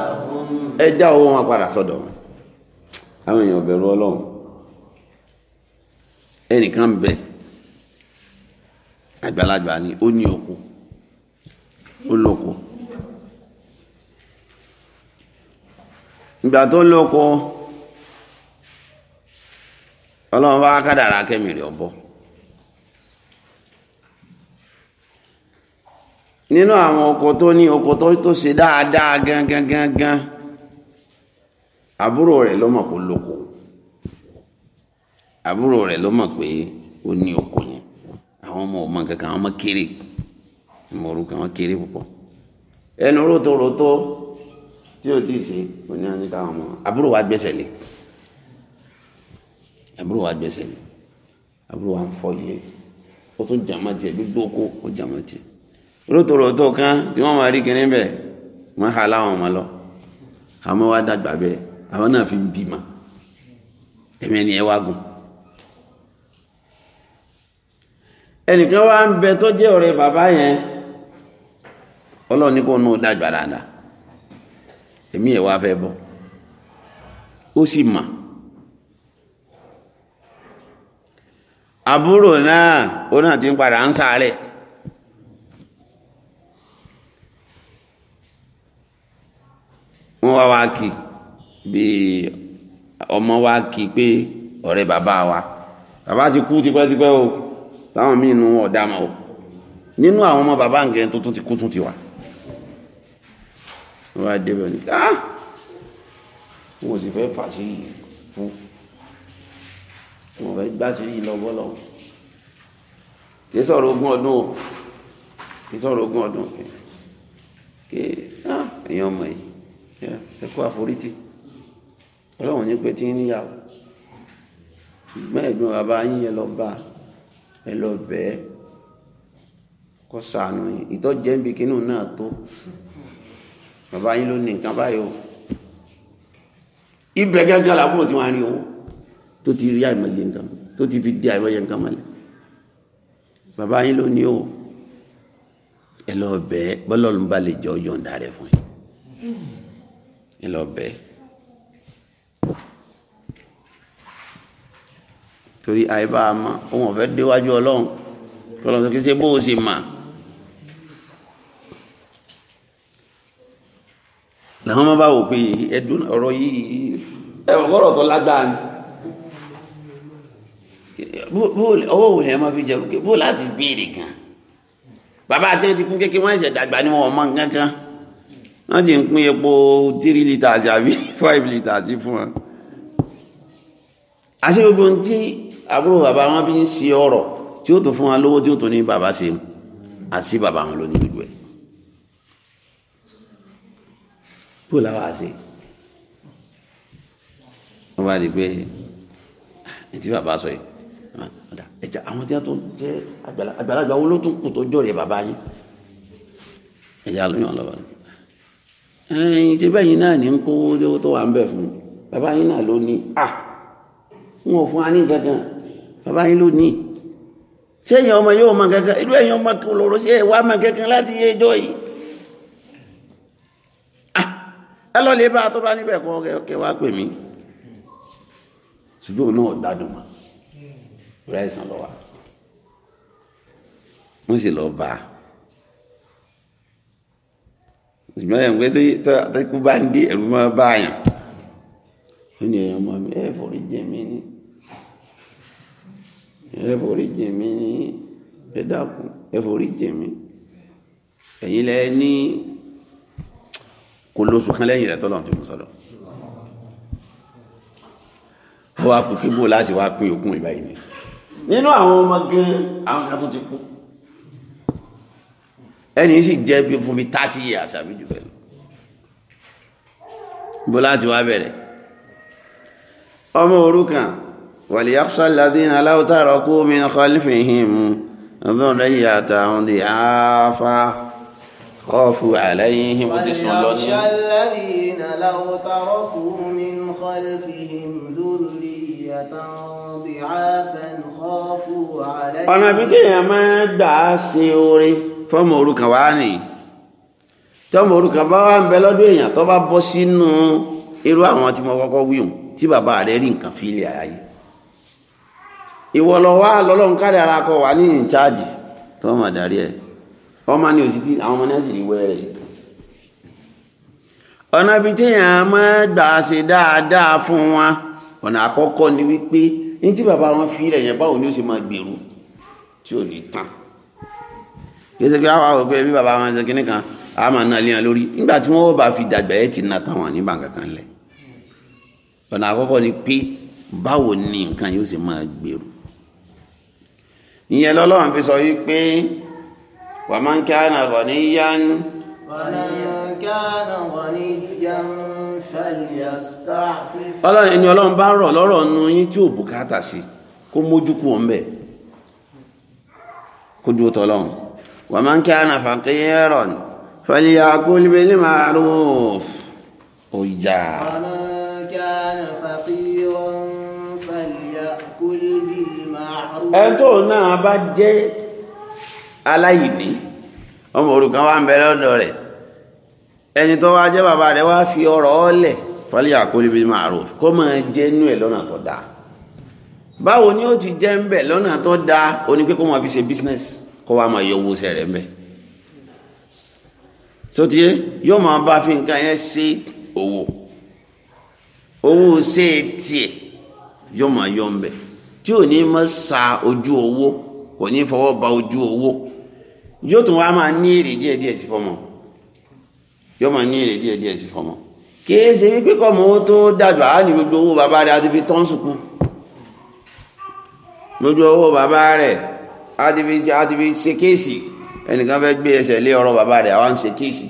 ẹ já owó wọn padà sọ́dọ̀ àwọn èèyàn bẹ̀rù ọlọ́run ẹnìkan bẹ àgbàlagbà ni ó ní oko ó lóko ìgbà tó lóko ọlọ́run bá nínú àwọn oko tó ní oko tó tó dáadáa gangan àbúrò rẹ̀ ló mọ̀ kó lóko àbúrò rẹ̀ ló mọ̀ pé ó ní oko ọmọ ọmọ kankan àwọn ọmọ kéré ọmọ orúkọ àwọn kéré púpọ̀ ẹnu rótó rótó tí o ti ṣe kò ní àní káwọn ọmọ àbúrò wa gbẹ́sẹ̀ lé àbúrò wa gbẹ́sẹ̀ lé àbúrò wa ń fọ yìí ó tún jàmá tiẹ̀ gbogbo oko ó jàmá tiẹ̀ rótòrótò kan tí wọ́n máa rí kiri bẹ́ẹ̀ wọ́n ha láwọn ọmọ lọ àwọn wa dàgbà bẹ́ẹ̀ àwọn náà fi ń bímọ ẹ̀mí ẹni ẹ wá gùn. ẹnìkan wá ń bẹ tó jẹ́ ọ̀rẹ́ bàbá yẹn ọlọ́ọ̀ni kò nù dàgbà dáadáa. èmi ẹ̀ wá fẹ́ bọ́ ó sì mà àbúrò náà ó náà ti ń padà ń sáré. wọ́n wá wá kí bí ọmọ wá kì pé ọ̀rẹ́ bàbá wa bàbá ti kú tipẹ́tipẹ́ o táwọn míì nù ọ̀dà mọ́ o nínú àwọn ọmọ bàbá nǹkan tuntun ti kú tún ti wà. wọ́n á débẹ̀ ní ah wọ́n sì fẹ́ fà sí yìí fún wọ́n fẹ́ gbá sí yìí lọ bọ́lọ̀ kì í sọ̀rọ̀ ogún ọdún o kì í sọ̀rọ̀ ogún ọdún kì í ah èèyàn ọmọ yìí ẹ kó àforítì ọlọ́run ní pé tí ń níyàwó mẹ́ẹ̀dùn bàbá yín yẹn lọ bá ẹ lọ bẹ́ẹ̀ kó ṣàánú yín ìtọ́jẹ́ ń bi kínú náà tó bàbá yín ló ní nǹkan báyìí o ibẹ̀ gẹ́gẹ́ làbúrò tí wọ́n á rí owó tó ti rí àìmọye nǹkan tó ti fi di àìmọye nǹkan mọ́lẹ̀ bàbá yín ló ní o ẹ lọ bẹ bọ́lọ́run bá lè jọ yọ̀ǹda rẹ̀ fún yín ẹ lọ torí àìbá a ohun ọ̀fẹ́ déwájú ọlọ́run tọ́lọ́run tó kí máa. làwọn máa bá wò pé ẹdùn ọ̀rọ̀ yìí ẹ̀wọ̀n kọ́rọ̀ tó lágbára ni owó òun yẹn máa fi jẹ rúkẹ bó láti béèrè gan bàbá àti wọn ti kún kékeré wọn ṣẹ̀ dàgbà ni wọn mọ gángan wọn ti ń pín epo three litres àbí *laughs* five litres fún wọn. àṣé gbogbo ohun tí àbúrò bàbá wọn fi ń ṣe ọ̀rọ̀ tí ó tún fún wọn lówó tí ó tún ní bàbá ṣe àṣé bàbá wọn ló gbogbo ẹ̀. kó làwọn àṣe wọ́n bá di pé ní tí bàbá sọ yìí ẹ̀jẹ̀ àwọn tí wọ́n tó jẹ́ àgbàlagbà wo ló tún kù tó jọ̀rẹ̀ bàbá yín ẹ̀jẹ̀ àlóyún ọlọ́wọ́ ni ẹ̀yìn tí bẹ́yìn náà ní ń kówó tó wà ń bẹ̀ fún bàbá yín náà ló ní à wọn ò fún wa ní kankan bàbá yín ló ní sẹ́yìn ọmọ yóò mọ kankan ìlú ẹ̀yìn ọmọ kò lọ́rọ̀ sí ẹ̀ wá mọ kankan láti yé ẹjọ́ yìí ẹ lọ lè bá a tó bá níbẹ̀ kọ́ kẹ́ wá pè mí ṣùgbọ́n náà gbádùn mọ́ rẹ̀ sàn lọ́wọ́ wọ́n sì lọ bá a ṣùgbọ́n ẹ̀ ń pẹ́ tó kú bá ń dé ẹ̀rù máa bá a yàn ó ní ẹ̀yàn máa mi ẹ̀ forí jẹ mí ní ẹ̀ jẹ mí ní ẹ̀ dákun jẹ mí ẹ̀yin lẹ́ ní kò lóṣù kan lẹ́yìn rẹ̀ tọ́lọ̀ tí mo sọ̀rọ̀ ó wá kù kíbò láti wá pín òkun ìbáyìí ní nínú àwọn ọmọ gan àwọn kan tó ti kú ẹni sì jẹ́ bí fún bí 30 years àbí jù bẹ́ẹ̀ lọ bó láti wá bẹ̀rẹ̀ ọmọ òrukàn wàlíyàkṣà ládínà láwùtàrọ̀ kú min khalfihim dhurriyyatan di'afa خافوا عليهم وليخشى الذين لو تركوا من خلفهم ذرية ضعافا خافوا عليهم ọ̀nà bí téèyàn máa gbà á ṣe oore fọ́mọ wá ń bẹ lọ́dún èèyàn tó bá bọ́ sínú irú àwọn tí mo kọ́kọ́ wíhùn tí bàbá rẹ̀ rí nǹkan fi ilé ayé ìwọ lọ ara kọ wà ní ìcháàjì tó mọ̀ ẹ̀ ọmọ ní òsì tí àwọn ọmọ náà sì rí wẹ́rẹ̀ yìí ọ̀nà ibi tí èèyàn máa gbà ṣe dáadáa fún wa ọ̀nà àkọ́kọ́ ni wípé ní tí bàbá wọn fi ilẹ̀ yẹn báwo ni ó ṣe máa gbèrú tí ò ní tán kìí ṣe pé àwọn àwọn òpin bí bàbá wọn ni pé báwo ni nǹkan yóò ṣe máa gbèrú ìyẹn ومن كان غنيا ومن كان غنيا فليستعفف ọlọ́run ẹni ọlọ́run bá rọ̀ lọ́rọ̀ nú yín tí ò bùkátà sí kó mójúkú ọ̀n bẹ̀ kó dúró tọ́lọ́run ومن كان فقيرا فليأكل بالمعروف ọjà ومن كان فقيرا فليأكل بالمعروف ẹ̀ tó náà bá jẹ́ aláìní ọmọ òrukàn wá ń bẹ lọ́dọ̀ rẹ̀ ẹni tó wá jẹ́ bàbá rẹ̀ wá fi ọrọ̀ ọlẹ̀ fọ́lí àkórí bí ma'ruf kó máa jẹ́ inú ẹ̀ lọ́nà tó dáa báwo ni ó ti jẹ́ ń bẹ̀ lọ́nà tó dáa ó ní pé kó fi ṣe business kó wá yọ owó iṣẹ́ rẹ̀ ń bẹ̀ yóò máa bá fi nǹkan yẹn ṣe yọ ń bẹ̀ tí ò ní sa ojú owó kò ní fọwọ́ ba ojú owó yóò tún wá máa ní èrè díẹ̀ díẹ̀ sí fọmọ yóò máa ní èrè díẹ̀ díẹ̀ sí fọmọ kìí ṣe wípé kọ́ mọ́ tó dàgbà á ní gbogbo owó bàbá rẹ̀ àti fi tán sùkú gbogbo owó bàbá rẹ̀ àti fi ṣe kéèsì ẹnìkan fẹ́ gbé ẹsẹ̀ lé ọ̀rọ̀ bàbá rẹ̀ àwọn ṣe kéèsì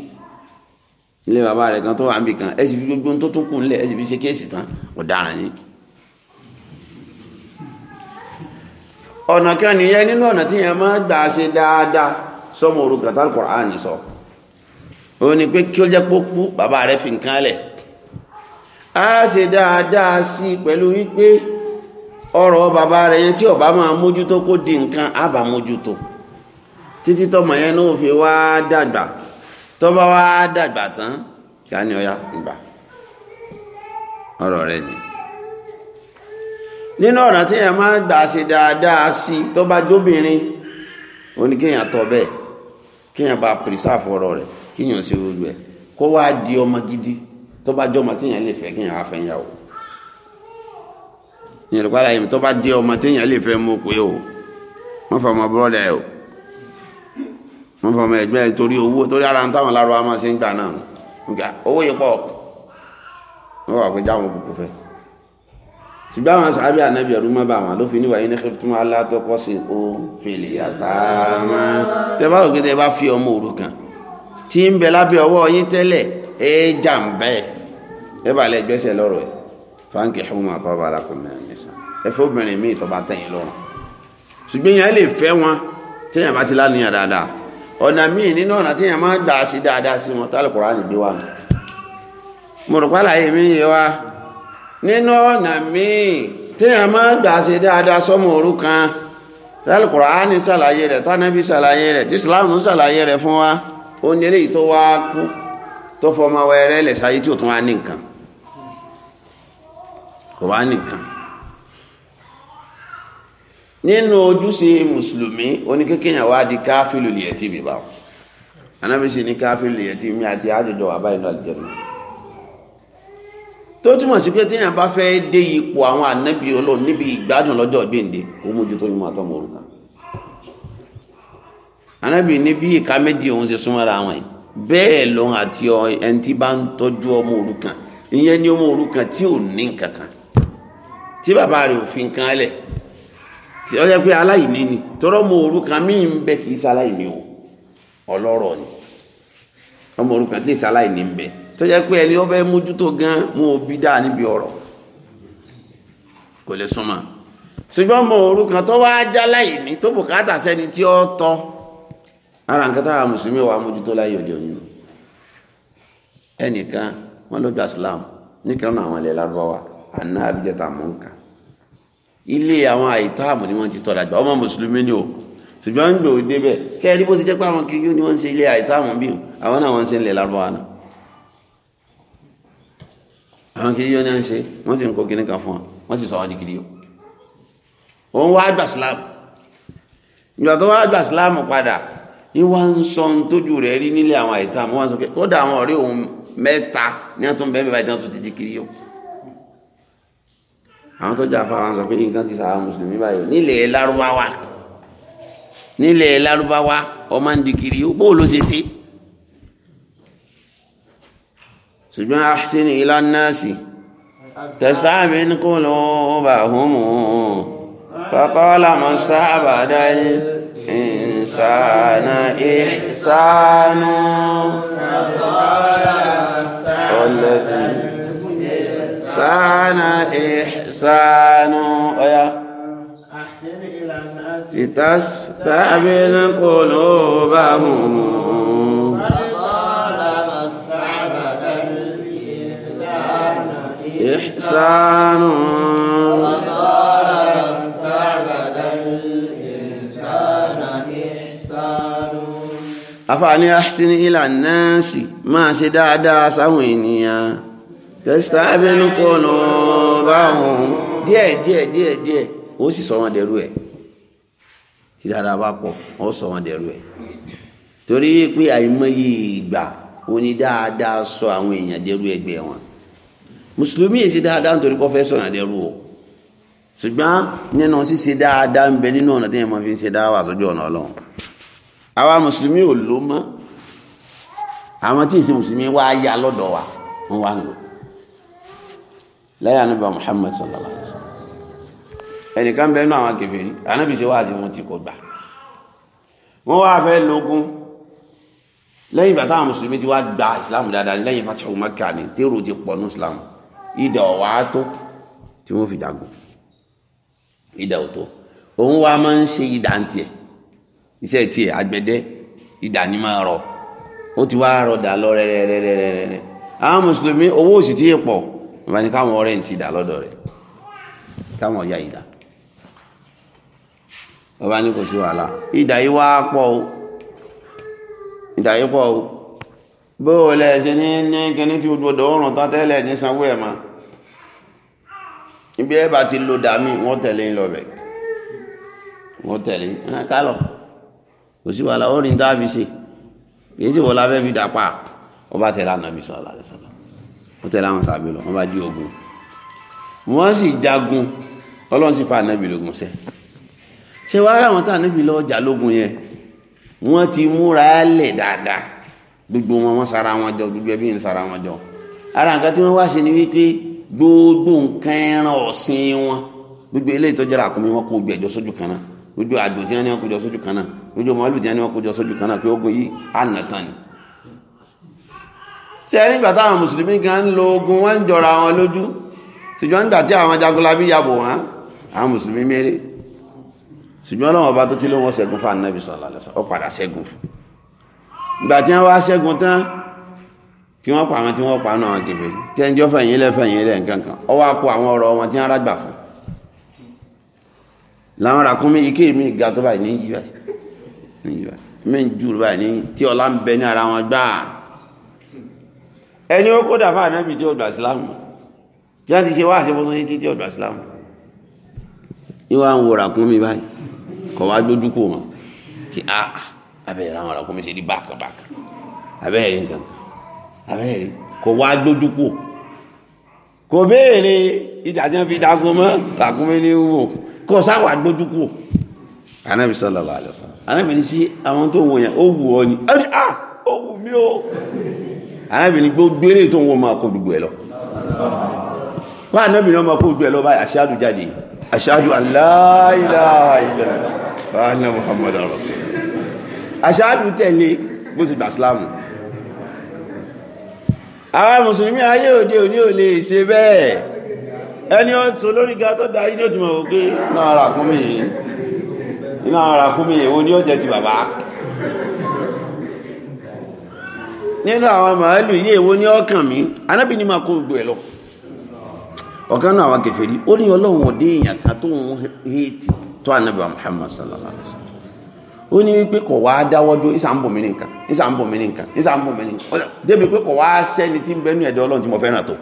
ilé bàbá rẹ̀ kan tó wà níbì kan ẹ sì fi gbogbo tó tún kù nílẹ̀ ẹ sì fi ṣe kéèsì tán ọ̀daràn yìí ọ̀nà kan nìyẹn nínú ọ̀nà tí yẹn máa gbà ṣe dáadáa sọmọ orúkọ tá yìí kí ó jẹ́ pópú bàbá rẹ fi nǹkan lẹ̀ a ṣe dáadáa sí pẹ̀lú wípé ọrọ̀ bàbá rẹ̀ tí ọba máa mójútó kó di nǹkan mójútó títí tọmọ yẹn tọba wá dàgbà tán kí ní ọya ìgbà ni nínú ọ̀nà tí èèyàn máa gbà ṣe dáadáa sí kíyàn bá pírísàfù ọ̀rọ̀ rẹ̀ kíyàn sí gbogbo ẹ̀ kó wá di ọmọ gidi tó bá jẹ́ ọmọ téèyàn lè fẹ́ kíyàn wá fẹ́ yàwó ìyẹn lùpàdà yìí tó bá jẹ́ ọmọ téèyàn lè fẹ́ mú pé o wọ́n fọ ọmọ búrọ́dà o wọ́n fọ ọmọ ẹ̀gbẹ́ torí owó torí ara ń táwọn lárúbáwá máa ṣe ń gbà náà owó yìí pọ̀ wọ́n wà pé jáwọn òkùnkùn fẹ́ ṣùgbọ́n àwọn sàábì ànábì ọdún mọ́bà wọn ló fi níwà yín ní kíríptúmọ́ alátọ́kọ́ sí ó fèlè àtàmà tẹ́bá òkè tẹ́ bá fi ọmọ òrukàn tí ń bẹ lábẹ́ ọwọ́ yín tẹ́lẹ̀ ẹ jà ń bẹ́ ẹ bá lẹ gbẹ́sẹ̀ lọ́rọ̀ ẹ fáńkì ọmọ àtọ́ba alákùnrin ẹ̀mẹ́sà ẹ fẹ́ obìnrin míì tọ́ba tẹ̀yìn lọ́rùn ṣùgbọ́n yẹn lè fẹ́ wọn téèyàn bá ti lánìyàn dáadáa ọ̀nà míì nínú ọ̀nà téèyàn máa gbà sí dáadáa sí wọn tálùkùrọ̀ àyìnbí wa nínú ọ̀nà míì tí a máa gbà ṣe dáadáa sọ́mọ òrukàn Al-Qur'ani ṣàlàyé rẹ̀ tánàbí ṣàlàyé rẹ̀ tí Islam ṣàlàyé rẹ̀ fún wa ó ní eléyìí tó wá kú tó fọmọ wẹrẹ lẹ̀ sáyé tí ò tún wá ní nǹkan kò wá nìkan nínú ojúṣe mùsùlùmí oníkékèyàn wá di káfílù lìyẹ̀tì mi báwọn anábìsí ní káfílù lìyẹ̀tì mi àti àjọjọ wà báyìí náà àlùjànnà tó túmọ̀ sí pé téèyàn bá fẹ́ dé ipò àwọn ànábì ọlọ́run níbi ìgbádùn lọ́jọ́ gbèǹde ó mójú tó lùmọ̀ àtọmọ òrùka ànábì ní bí ìka méjì òun ṣe súnmọ́ra àwọn yìí bẹ́ẹ̀ lòun àti ẹni tí bá ni ọmọ tí ò ní tí bàbá rẹ̀ ò fi nǹkan tí ó yẹ pé aláìní ni o tó jẹ́ pé ẹni ó fẹ́ mójútó gan mú òbí dáa níbi ọ̀rọ̀ kò lè súnmọ́ ṣùgbọ́n mọ òru kan tó wáá já láyìí ní tó bùkátà sẹ́ni tí ó tọ́ ara nǹkan táwa mùsùlùmí wàá mójútó láyé òde òní ẹnìkan wọn ló gba Islam nìkan náà àwọn ilẹ̀ lágbọ́wà àná abíjẹta mọ́ǹkà ilé àwọn àìtáàmù ni wọ́n ti tọ́ra gbà ọmọ mùsùlùmí ni o ṣùgbọ́n ń gbòó débẹ̀ kẹ́ẹ̀rí bó ti jẹ́ pé àwọn kiri ni wọ́n ń ṣe ilé àìtáàmù bí àwọn náà wọ́n ń ṣe ilẹ̀ lágbọ́wà náà àwọn kìí yọ ní à ń ṣe wọ́n sì ń kó kíní kan fún ọ wọ́n sì sọ ọ́ di kiri o òun wá gbà sílámù ìgbà tó wá gbà sílámù padà ní wọ́n ń sọ ń tójú rẹ̀ rí nílé àwọn àìtá mọ́ wọ́n sọ pé kódà àwọn ọ̀rẹ́ òun mẹ́ta ní àtún bẹ́ẹ̀ bẹ́ẹ̀ tó ti kiri o àwọn tó jáfa àwọn sọ pé nǹkan ti sàwọn mùsùlùmí báyìí nílẹ̀ lárúbáwá nílẹ̀ lárúbáwá ọmọ ń di kiri o bóòlù ṣe ṣe. سجمنا أحسن إلى الناس تسعى من قلوبهم فقال ما استعبد الإنسان إحسان والذي إحسان إحسان أحسن إلى الناس تستعبد قلوبهم الإنسان afáàní àṣíní ilà náà sì máa ṣe dáadáa sáwọn ènìyàn tẹ́sítà abẹ́nú kọ́nà báwọn díẹ̀ díẹ̀ díẹ̀ díẹ̀ ó sì sọ wọn dẹ̀rú ẹ̀ tí dáadáa bá pọ̀ ó sọ wọn dẹ̀rú ẹ̀ torí pé àìmọye ìgbà ó ní dáadáa sọ àwọn èèyàn dẹ̀rú ẹgbẹ́ wọn mùsùlùmí yìí ṣe dáadáa nítorí kọ́ fẹ́ sọ̀rọ̀ àdẹ́rù o ṣùgbọ́n nínú ṣíṣe dáadáa ń bẹ nínú ọ̀nà tí èèyàn fi ń ṣe dáwà sójú ọ̀nà ọlọ́run àwa mùsùlùmí ò ló mọ́ àwọn tí ìṣe mùsùlùmí wá yá lọ́dọ̀ wa wọ́n wá lò lẹ́yìn anábà Muhammad sallallahu alaihi wasallam ẹnìkan bẹ́ẹ̀ nú àwọn kèfèrí anábì ṣe wá sí wọn tí kò gbà wọ́n wá fẹ́ lógún lẹ́yìn bàtà àwọn mùsùlùmí ti wá gba ìsìlámù dáadáa lẹ́yìn fatihu Makkah ni tẹ́rù ti pọ̀ ní ìsìlámù ìdà ọ̀wá tó tí wọ́n fi dàgbò ìdà ọ̀tọ̀ òun wa máa ń ṣe ìdà ń tiẹ̀ iṣẹ́ tiẹ̀ àgbẹ̀dẹ ìdà ni máa rọ ó ti wá rọdà lọ rẹ́rẹ́rẹ́rẹ́rẹ́ àwọn mùsùlùmí owó òsì tí yẹ pọ̀ ìbá ní káwọn ọ̀rẹ́ ti dà lọ́dọ̀ rẹ̀ káwọn ọ̀yà ìdà ọba ní kò sí wàhálà ìdà yìí wá pọ̀ o ìdà yìí pọ̀ o bó o lẹ́ ṣe ní ní kíní tí gbogbo ọ̀rùn tán tẹ́lẹ̀ ní sanwó ẹ̀ máa ibi ẹ bá ti lo dàmí wọ́n tẹ̀lé ń lọ bẹ̀ wọ́n tẹ̀lé ẹ̀ kálọ̀ kò sí wàhálà ó rìn táàbì ṣe kì í sì wọ́n lábẹ́ fi dàpá wọ́n bá tẹ̀lé ànábì sọ̀rọ̀ àti sọ̀rọ̀ wọ́n tẹ̀lé àwọn sàbí lọ wọ́n bá di ogun wọ́n sì jagun ọlọ́run sì fa ànábì lógun sẹ́ ṣé wàá rà tá ànábì lọ́ọ́ jà lógun yẹn wọ́n ti múra lẹ̀ dáadáa gbogbo wọn wọn sara wọn jọ gbogbo ẹbí ń sara wọn jọ ara nǹkan tí wọn wá ṣe ni gbogbo nǹkan ẹran gbogbo eléyìí tó jẹrà wọn kó ẹjọ sójú gbogbo àgbò tí wọn ní wọn gbogbo màálù tí wọn ní wọn kó jọ sójú kan náà pé ogun yìí ni. lo ogun wọn ń jọra wọn lójú ṣùgbọ́n nígbà tí àwọn jagunlabi yàbò wọn àwọn mùsùlùmí ṣùgbọ́n ọba tó ti ìgbà tí wọ́n wá ṣẹ́gun tán tí wọ́n pa àwọn tí wọ́n pa náà gèbè tí ẹnjọ́ fẹ̀yìn lẹ̀ fẹ̀yìn lẹ̀ nǹkan kan ọ wá kó àwọn ọ̀rọ̀ wọn tí wọ́n rágbà fún làwọn ràkúnmí ike mi ga tó báyìí ní yíyá ní yíyá mi ń jù báyìí ní tí ọlá ń bẹ ní ara wọn gbáà ẹni ó kó dàfà ànábì tí ó gbà sílámù tí wọ́n ti ṣe wá àṣepọ̀ tó ní tí ó gbà sílámù ìwà ń wo ràkúnmí báyìí kọ̀ wá dójú kò wọn kí áà ah, abẹ́rẹ́ àwọn ọ̀rọ̀ kò mi ṣe rí bákan bákan abẹ́rẹ́ nǹkan abẹ́rẹ́ kò wá dójú kù kò béèrè ìjà tí wọ́n fi jagun mọ́ làkúnmí ní wò kò sáwà dójú kù anabi sallallahu alaihi wasallam anabi ní sí àwọn tó wọ yẹn ó wù ọ ni ó ní à ó wù mí o anabi ní gbogbo eré tó ń wọ máa kó gbogbo ẹ lọ wọn anabi ní wọn máa kó gbogbo ẹ lọ báyìí aṣáájú jáde aṣáájú aláìláìlá wa muhammadu rasul aṣáájú tẹ̀lé bó ti gbà Awa àwọn mùsùlùmí ayé òde òní ò lè ṣe bẹ́ẹ̀ ẹni ó tún lórí ga tó darí ní òkè náà ara kún mi iná ara kún mi ni ó jẹ ti bàbá nínú àwọn màálù yìí èwo ni ọkàn mi anábì ni máa kó gbogbo ẹ̀ lọ ọ̀kan náà àwọn kèfèrí ó ní ọlọ́run òde èèyàn kan tó ń ó ní wípé kò wá dáwọ́ dúró ìsà ń bò mí ní nǹkan ìsà ń bò mí ní nǹkan ìsà ń bò mí ní nǹkan débi pé kò wá sẹ́ni tí ń bẹ ẹ̀dọ́ ọlọ́run tí mo fẹ́ràn tó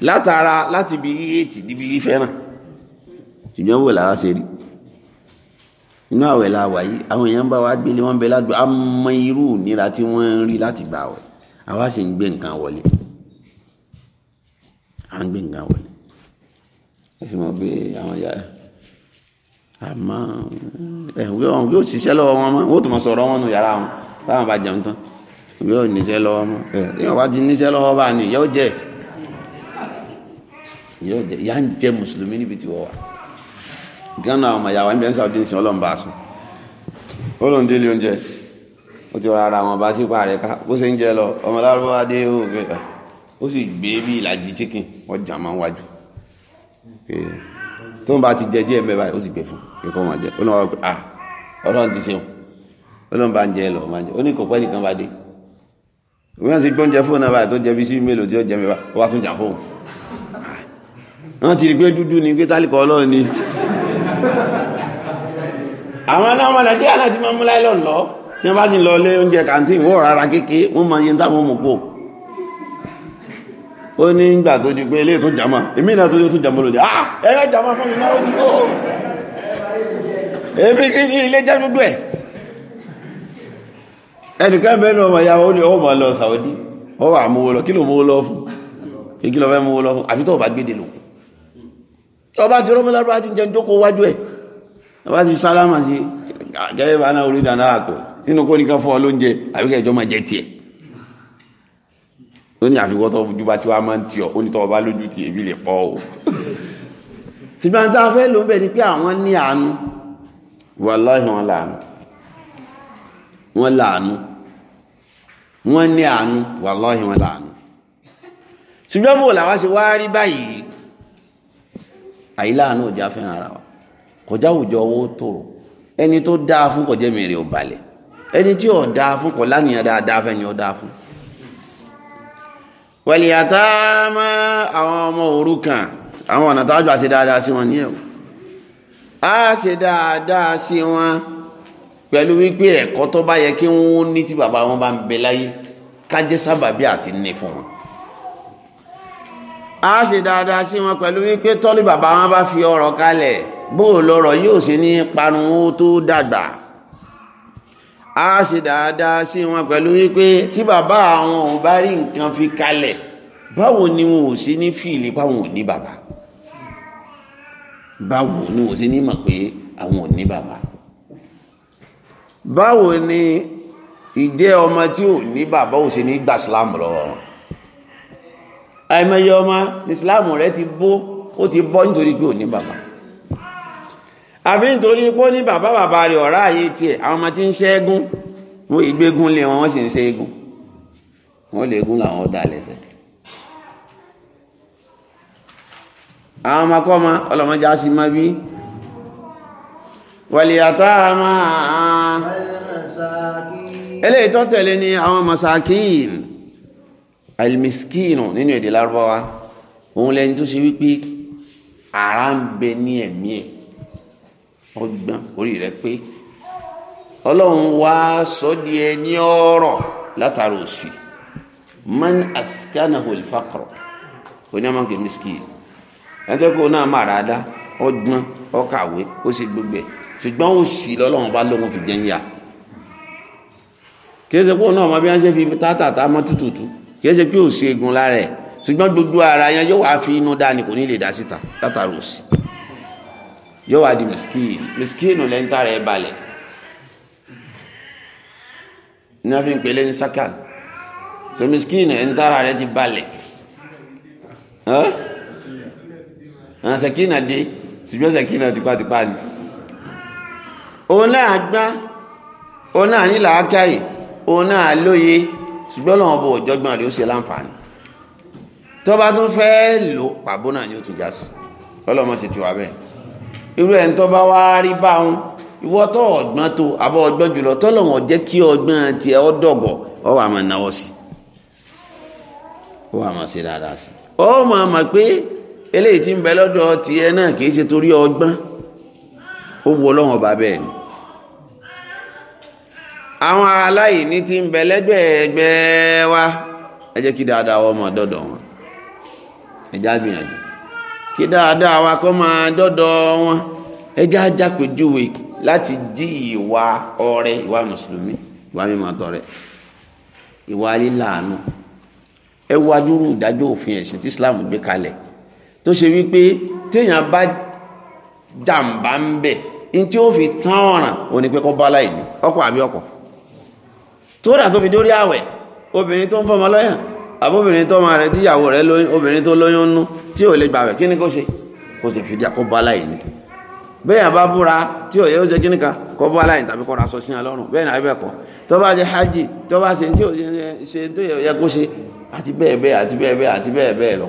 látara láti bí eight díbi fẹ́ràn ṣùgbọ́n wò làwa ṣe rí inú àwẹ̀ la wà yìí àwọn èèyàn bá wa gbélé wọn bẹ ládùú àmọ́ irú ìnira tí wọ́n ń rí láti gbà wẹ̀ àwa sì ń gbé nǹkan wọlé à ń gbé nǹkan wọlé ẹ sì mọ̀ pé àwọn yàrá àmọ́ ẹ̀wé ọ̀hún yóò ṣiṣẹ́ lọ́wọ́ wọn mọ́ wọ́n tó mọ̀ sọ̀rọ̀ wọn nù yàrá wọn táwọn bá jẹun tán ìwé níṣẹ́ lọ́wọ́ mọ́ ẹ̀ yóò wá ti níṣẹ́ lọ́wọ́ bá ní yóò jẹ́ yóò jẹ́ yá ń jẹ́ mùsùlùmí níbi tí wọ́n wà gánà àwọn ọmọyàwó ń ọlọ́run bá a sùn ó lóun délé oúnjẹ ó ti ká bó ṣe ń jẹ lọ ọmọ lárúbáwá dé tó ń bá kíkọ́ máa jẹ ó náà wà pé ah ọlọ́run ti ṣeun ọlọ́run bá ń jẹ lọ máa jẹ ó ní kòpẹ́ nìkan bá dé wọ́n ti gbọ́n jẹ fóònù náà báyìí tó jẹ bí sí mélòó tí ó jẹ mi bá wà tún jà fóònù wọ́n ti rí pé dúdú ni pé tálíkọ̀ ọlọ́run ni àwọn ọlọ́mọ nàìjíríà náà ti máa mú láìlọ́n lọ tí wọ́n bá ti lọ lé oúnjẹ kàǹtì wọ́n rárá kékeré wọ́n máa yẹn táwọn mú pò ó ní ìgbà tó di pé ilé tó jàmọ́ èmi náà tó di ó lòdì ah ẹ̀rẹ́ ebi kí ní ilé jẹ́ dúdú ẹ̀ ẹnìkan bẹ́ẹ̀ náà ọmọ ya ní ọmọ lọ Saudi ó wà mú lọ kí ló mú lọ fún kí ló fẹ́ mú lọ fún àfi tó bá gbé dèlò ọba ti rọ́mọ lárúbá ti jẹun jókòó wájú ẹ̀ ọba ti sálámà sí gẹ́gẹ́ bá náà orí dáná àkọ́ nínú kó nìkan fún ọ lóúnjẹ àbíkẹ́ ìjọ máa jẹ tiẹ̀ ó ní àfikọ́ tó ojú bá ti wá máa ń tiọ̀ ó ní tọ́ ọba lójú ti èmi lè pọ̀ o ṣùgbọ́n tá a fẹ́ lò ni pé àwọn ní àánú wàláhì wọn làánú wọn làánú wọn ní àánú wàláhì wọn làánú ṣùgbọ́n bò làwọn ṣe wá rí báyìí àìláàánú ọjà fẹ́ràn ara wa kọjá òjò owó tòrò ẹni tó dáa fún kọjá mèrè ò balẹ̀ ẹni tí ò dáa fún kọ lánìyàn dáadáa fẹ́ni ó dáa fún wẹ̀lìyàtá máa àwọn ọmọ òrukàn àwọn ọ̀nà tájọ́ àti dáadáa sí wọn ní ẹ̀wọ̀ á ṣe dáadáa sí wọn pẹ̀lú wípé ẹ̀kọ́ tó bá yẹ kí wọ́n ní tí bàbá wọn bá ń bẹ láyé ká jẹ́ sábàbí àti ní fún wọn á ṣe dáadáa sí wọn pẹ̀lú wípé tọ́lú bàbá wọn bá fi ọrọ̀ kalẹ̀ bóò lọ́rọ̀ yóò ṣe ní parun ó tó dàgbà á ṣe dáadáa sí wọn pẹ̀lú wípé tí bàbá àwọn ò bá rí nǹkan fi kalẹ̀ báwo ni wọn ò sí ní fìlì páwọn ò ní bàbá báwo ni wò sí ní mọ̀ pé àwọn ò ní bàbá báwo ni ìjẹ́ ọmọ tí ò ní bàbá ò sí ní gbà sílámù lọ́wọ́ àìmọye ọmọ ní sílámù rẹ ti bó ó ti bọ́ nítorí pé ò ní bàbá àfi nítorí pé ó ní bàbá bàbá rẹ̀ ọ̀rá ayé tiẹ̀ àwọn ọmọ tí ń ṣẹ́gun wọ́n ìgbégún lé wọn wọ́n sì ń ṣẹ́gun wọ́n lè gún làwọn ọ̀dà lẹ́sẹ̀ àwọn ọmọkọ́mọ ọlọ́mọjá sí mọ́ bí wàlìyàtà máa eléyìí tó tẹ̀lé ní àwọn masakin almiskinu nínú èdè lárúbáwá òun lẹni tó ṣe wípé ara ń bẹ ní ẹ̀mí ẹ̀ ọgbọ́n orí rẹ̀ pé ọlọ́run wá sọ́dí ẹ ní ọ̀rọ̀ látara òsì man askanahu alfaqr oníyàmọ́kè miskin ẹjọ́ pé òun náà máa rà á dá ó gbọ́n ó kàwé ó sì gbogbo ẹ̀ ṣùgbọ́n ó sì lọ́lọ́run bá lóhun fi jẹ́ ń yà kìí ṣe pé òun náà ọmọ bí wọ́n ṣe fi tátàtà mọ́ tútùtù kìí ṣe pé ò ṣe egun lára ẹ̀ ṣùgbọ́n gbogbo ara yẹn yóò wá fi inú dání kò ní lè dá síta látàrí òsì yóò wá di miskin miskin lẹ́ńtà rẹ̀ balẹ̀ ní wọ́n fi ń pè lé ní sakal so miskin ń tára rẹ̀ ti balẹ̀ àwọn sakina dé ṣùgbọ́n sakina tipátipá ni òun náà gbá òun náà ní làákàyè òun náà lóye ṣùgbọ́n lọ́wọ́ bò jọ́gbọ́n rẹ̀ ó ṣe láǹfààní tó bá tún fẹ́ lò pàbó náà ti wà bẹ́ẹ̀ irú ẹ̀ ń bá wá rí tó tó ọgbọ́n jùlọ tó lọ́wọ́ jẹ́ kí ọgbọ́n ọ wà máa sí ọ máa eléyìí tí ń bẹ lọ́dọ̀ ti ẹ náà kìí ṣe torí ọgbọ́n ó wo ọlọ́run ọba bẹ́ẹ̀ ni àwọn aláìní tí ń bẹ lẹ́gbẹ̀ẹ́gbẹ́ wa ẹ jẹ́ kí dáadáa wa máa dọ́dọ̀ wọn ẹ já gbìyànjú kí dáadáa wa kó máa dọ́dọ̀ wọn ẹ já jápèjúwe láti jí ìwà ọrẹ ìwà mùsùlùmí ìwà mímọ́ tọrẹ ìwà líláàánú ẹ wájú òfin tí Islam gbé kalẹ̀ tó ṣe wípé téèyàn bá jàǹbá ń bẹ̀ in tí ó fi tán ọ̀ràn òní pé bá láì ní ọkọ̀ àbí ọkọ̀ tó tó fi dórí àwẹ̀ obìnrin tó lọ́yàn àbóbìnrin tó máa rẹ tíyàwó rẹ lóyún obìnrin tó lóyún nú tí ò lè gbàwẹ̀ kí kó ṣe kó sì kó bá láì ní bẹ́ẹ̀ bá búra tí ò yẹ hajj tó bá ṣe tí ò ṣe tó yẹ kó ṣe àti bẹ́ẹ̀ bẹ́ẹ̀ àti lọ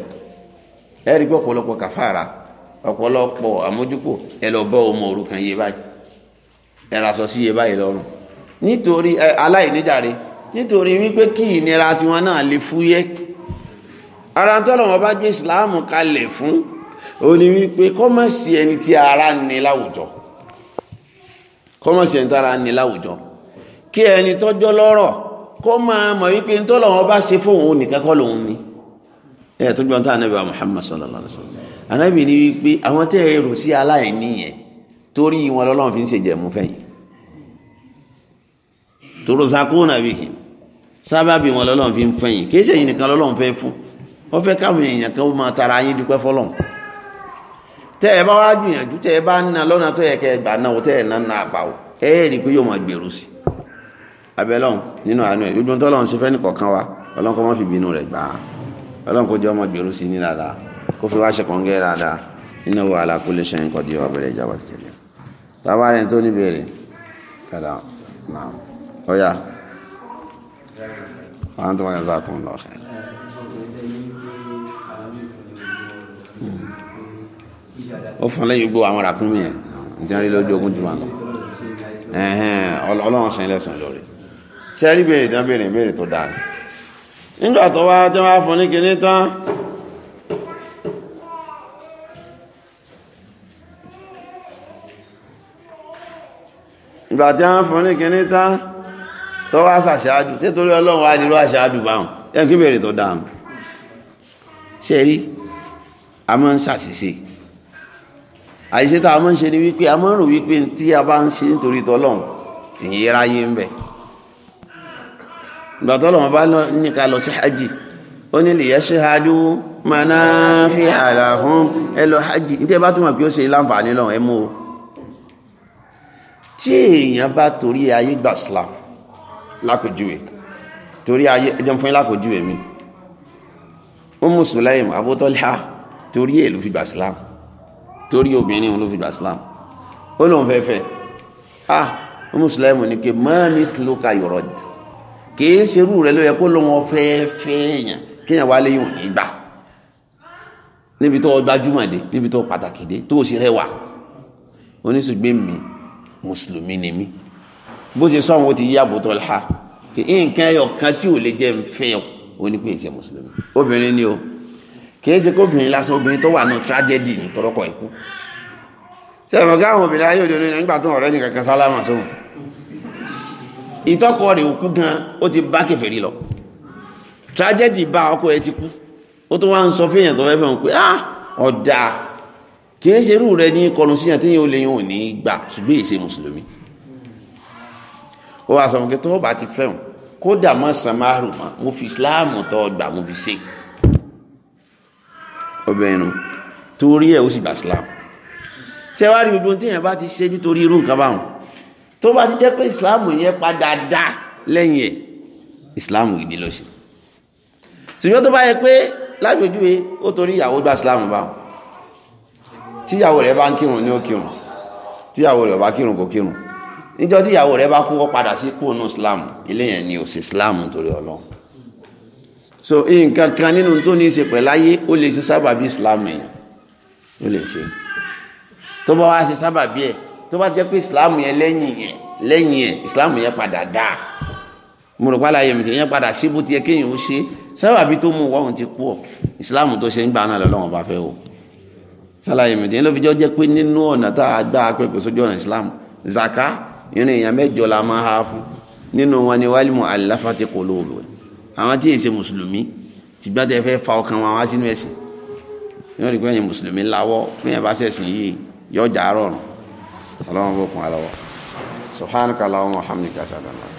ẹ rí pé ọ̀pọ̀lọpọ̀ kàfàrà ọ̀pọ̀lọpọ̀ àmójúkò ẹ lọ bọ́ ọmọ òrukàn yé báyìí ẹ ra sọ sí yé báyìí lọ́rùn nítorí aláìníjàre nítorí wípé kí ìnira tiwọn náà lè fúyẹ́ ara tọ́lọ̀ wọn bá gbé ìsìláàmù kalẹ̀ fún òní wípé kọ́mọ̀sì ẹni tí ara ní láwùjọ kọ́mọ̀sì ẹni tí ara ní láwùjọ kí ẹni tọ́jọ́ lọ́rọ̀ kó máa mọ̀ wípé tọ́lọ̀ wọn bá ṣe fóun nìkan kọ́ lòun ni. ẹ tó gbọ́n tó ànábì wa Muhammad sallallahu alaihi wasallam ni wípé àwọn tẹ́ ẹ rò sí aláìní yẹn torí wọn lọ́lọ́run fi ń ṣe jẹ̀mú fẹ́yìn torosakuna bihi sábàbí wọn lọ́lọ́run fi ń fẹ́yìn kì í ṣe èyí lọ́lọ́run fẹ́ fún fẹ́ káwọn èèyàn kan máa tara yín dúpẹ́ tẹ́ na lọ́nà tó yẹ kẹ́ o ẹ ẹ rí i pé yóò máa gbèrú sí wa fi bínú rẹ̀ ọlọ́run kò jẹ́ ọmọ gbèrú sí ní dáadáa kó fi wá ṣẹ̀kọ́ gẹ́ dáadáa iná wo àlàkù lè ṣe nǹkan di ọbẹ̀rẹ̀ ìjọba ti tẹ̀lé na rẹ̀ tó níbèrè kàdà náà ọ̀yà àwọn tó wáyé sá kún lọ́sẹ̀. ó fún lẹ́yìn gbogbo àwọn ràkúnmí yẹn ǹjẹ́ rí lójú ogún jùmọ̀ lọ ọlọ́run sẹ́yìn lẹ́sàn lórí ṣé rí tó dáa nígbà tó wá tí wọ́n fún ní kìíní tán ìgbà tí wọ́n fún ní kìíní tán tó wá sàṣáájú sí torí ọlọ́run wá nílò àṣáájú báhùn yẹn kí bèèrè tó dáhùn ṣe rí a máa ń ṣàṣìṣe àṣìṣe tá a máa ń ṣe ni wípé a máa ń rò wípé tí a bá ń ṣe nítorí tọ́lọ́run èyí ń bẹ̀ẹ́ gbàtọ́ lọ́wọ́ bá ní ká lọ sí hajj ó ní lè yẹ́ṣẹ́ hajjú mana fi àlà fún ẹlọ hajj ní tẹ́ bá túnmọ̀ pé ó ṣe láǹfààní lọ ẹmú o tí èèyàn bá torí ayé gbà Islam lápèjúwe torí ayé ẹjọ́ fún lápèjúwe mi ó mú Sulaim abótọ́lá torí èlú fi gbà Islam torí obìnrin ló fi gbà Islam ó lóun fẹ́fẹ́ ah ó mú Sulaim ní pé mọ́ ní lóka yọ̀rọ̀dì kìí ṣerú rẹ̀ ló yẹ kó lóun ọfẹ́ fẹ́ẹ̀yàn kíyàn wá léyìn ìgbà níbi tó gbajúmọ̀ dé níbi tó pàtàkì dé tó sì rẹwà oníṣùgbé mi mùsùlùmí ni mí bó ṣe sọ àwọn ó ti yí àbótọ́ ha kì í nǹkan ẹyọ kan tí ò lè jẹ́ ń fẹ́ ọ ní pé ìṣe mùsùlùmí obìnrin ni o kìí ṣe kóbìnrin lásán obìnrin tó wà nù tragedy ní tọrọkọ ikú ṣe káwọn obìnrin ayé òde onígbà tó ọ̀rẹ́ nìkan kan sálámà sóhun ìtọ́kọ rẹ̀ òkú gan ó ti bá kèfèrí lọ tragedy bá ọkọ ẹ ti kú ó tó wá ń sọ fẹ́yàn tó fẹ́fẹ́ pé ah ọ̀dà kì í ṣerú rẹ ní kọlù síyàn tí yóò lè yóò ní gbà ṣùgbọ́n èsè mùsùlùmí ó wá sọ wọn pé tó bá ti fẹ́hùn kódà mọ́ samaru mọ́ mo fi islámù tó gbà mo fi ṣe obìnrin nu torí ẹ̀ ó sì gbà islámù ṣé wàá rí gbogbo tí èèyàn bá ti ṣe nítorí irú nǹkan báwọn tó bá ti jẹ́ pé ìsìláàmù yẹn padà dá lẹ́yìn ẹ̀ ìsìláàmù gidi ló ṣe ṣùgbọ́n tó bá yẹ pé lágbèjúwe ó torí ìyàwó gba ìsìláàmù báwọn tíyàwó rẹ̀ bá ń kírun ní ó kírun tíyàwó rẹ̀ bá kírun kò kírun níjọ́ tíyàwó rẹ̀ bá kú ó padà sí kúrò ní ìsìláàmù ilé yẹn ni ò sí ìsìláàmù torí ọlọ́run so nǹkan kan nínú tó ní í ṣe pẹ̀láyé ó lè ṣe sábàbí ìsìláàmù yẹn ó lè ṣe tó bá wá ṣe sábàbí ẹ̀ tó bá jẹ́ pé ìsìláàmù yẹn lẹ́yìn yẹn lẹ́yìn yẹn ìsìláàmù yẹn padà dáa mo rò pálá yẹn mi ti yẹn padà sí bó ti yẹ kéèyàn ó ṣe sábàbí tó mú wọ́n ti kú ọ ìsìláàmù tó ṣe ń gbà náà lọ́wọ́n bá fẹ́ o sálàyé mi ti yẹn ló fi jọ jẹ́ pé nínú ọ̀nà tá a gbá pẹ̀pẹ̀ sójú ọ̀nà ìsìláàmù zaka irin èèyàn mẹ́jọ la máa ha fún nínú wọn ni wal mu'allafati qulubu àwọn tí yẹn ṣe mùsùlùmí ti gbá tẹ fẹ́ fa ọkàn wọn wá sínú ẹ̀sìn yóò rí pé ẹ̀yin mùsùlùmí láwọ́ fún yẹn bá ṣẹ̀sìn yìí yọjà rọrùn ọlọ́run bó kún wa lọ́wọ́ subhanaka Allahumma wa hamdika ṣàdánù.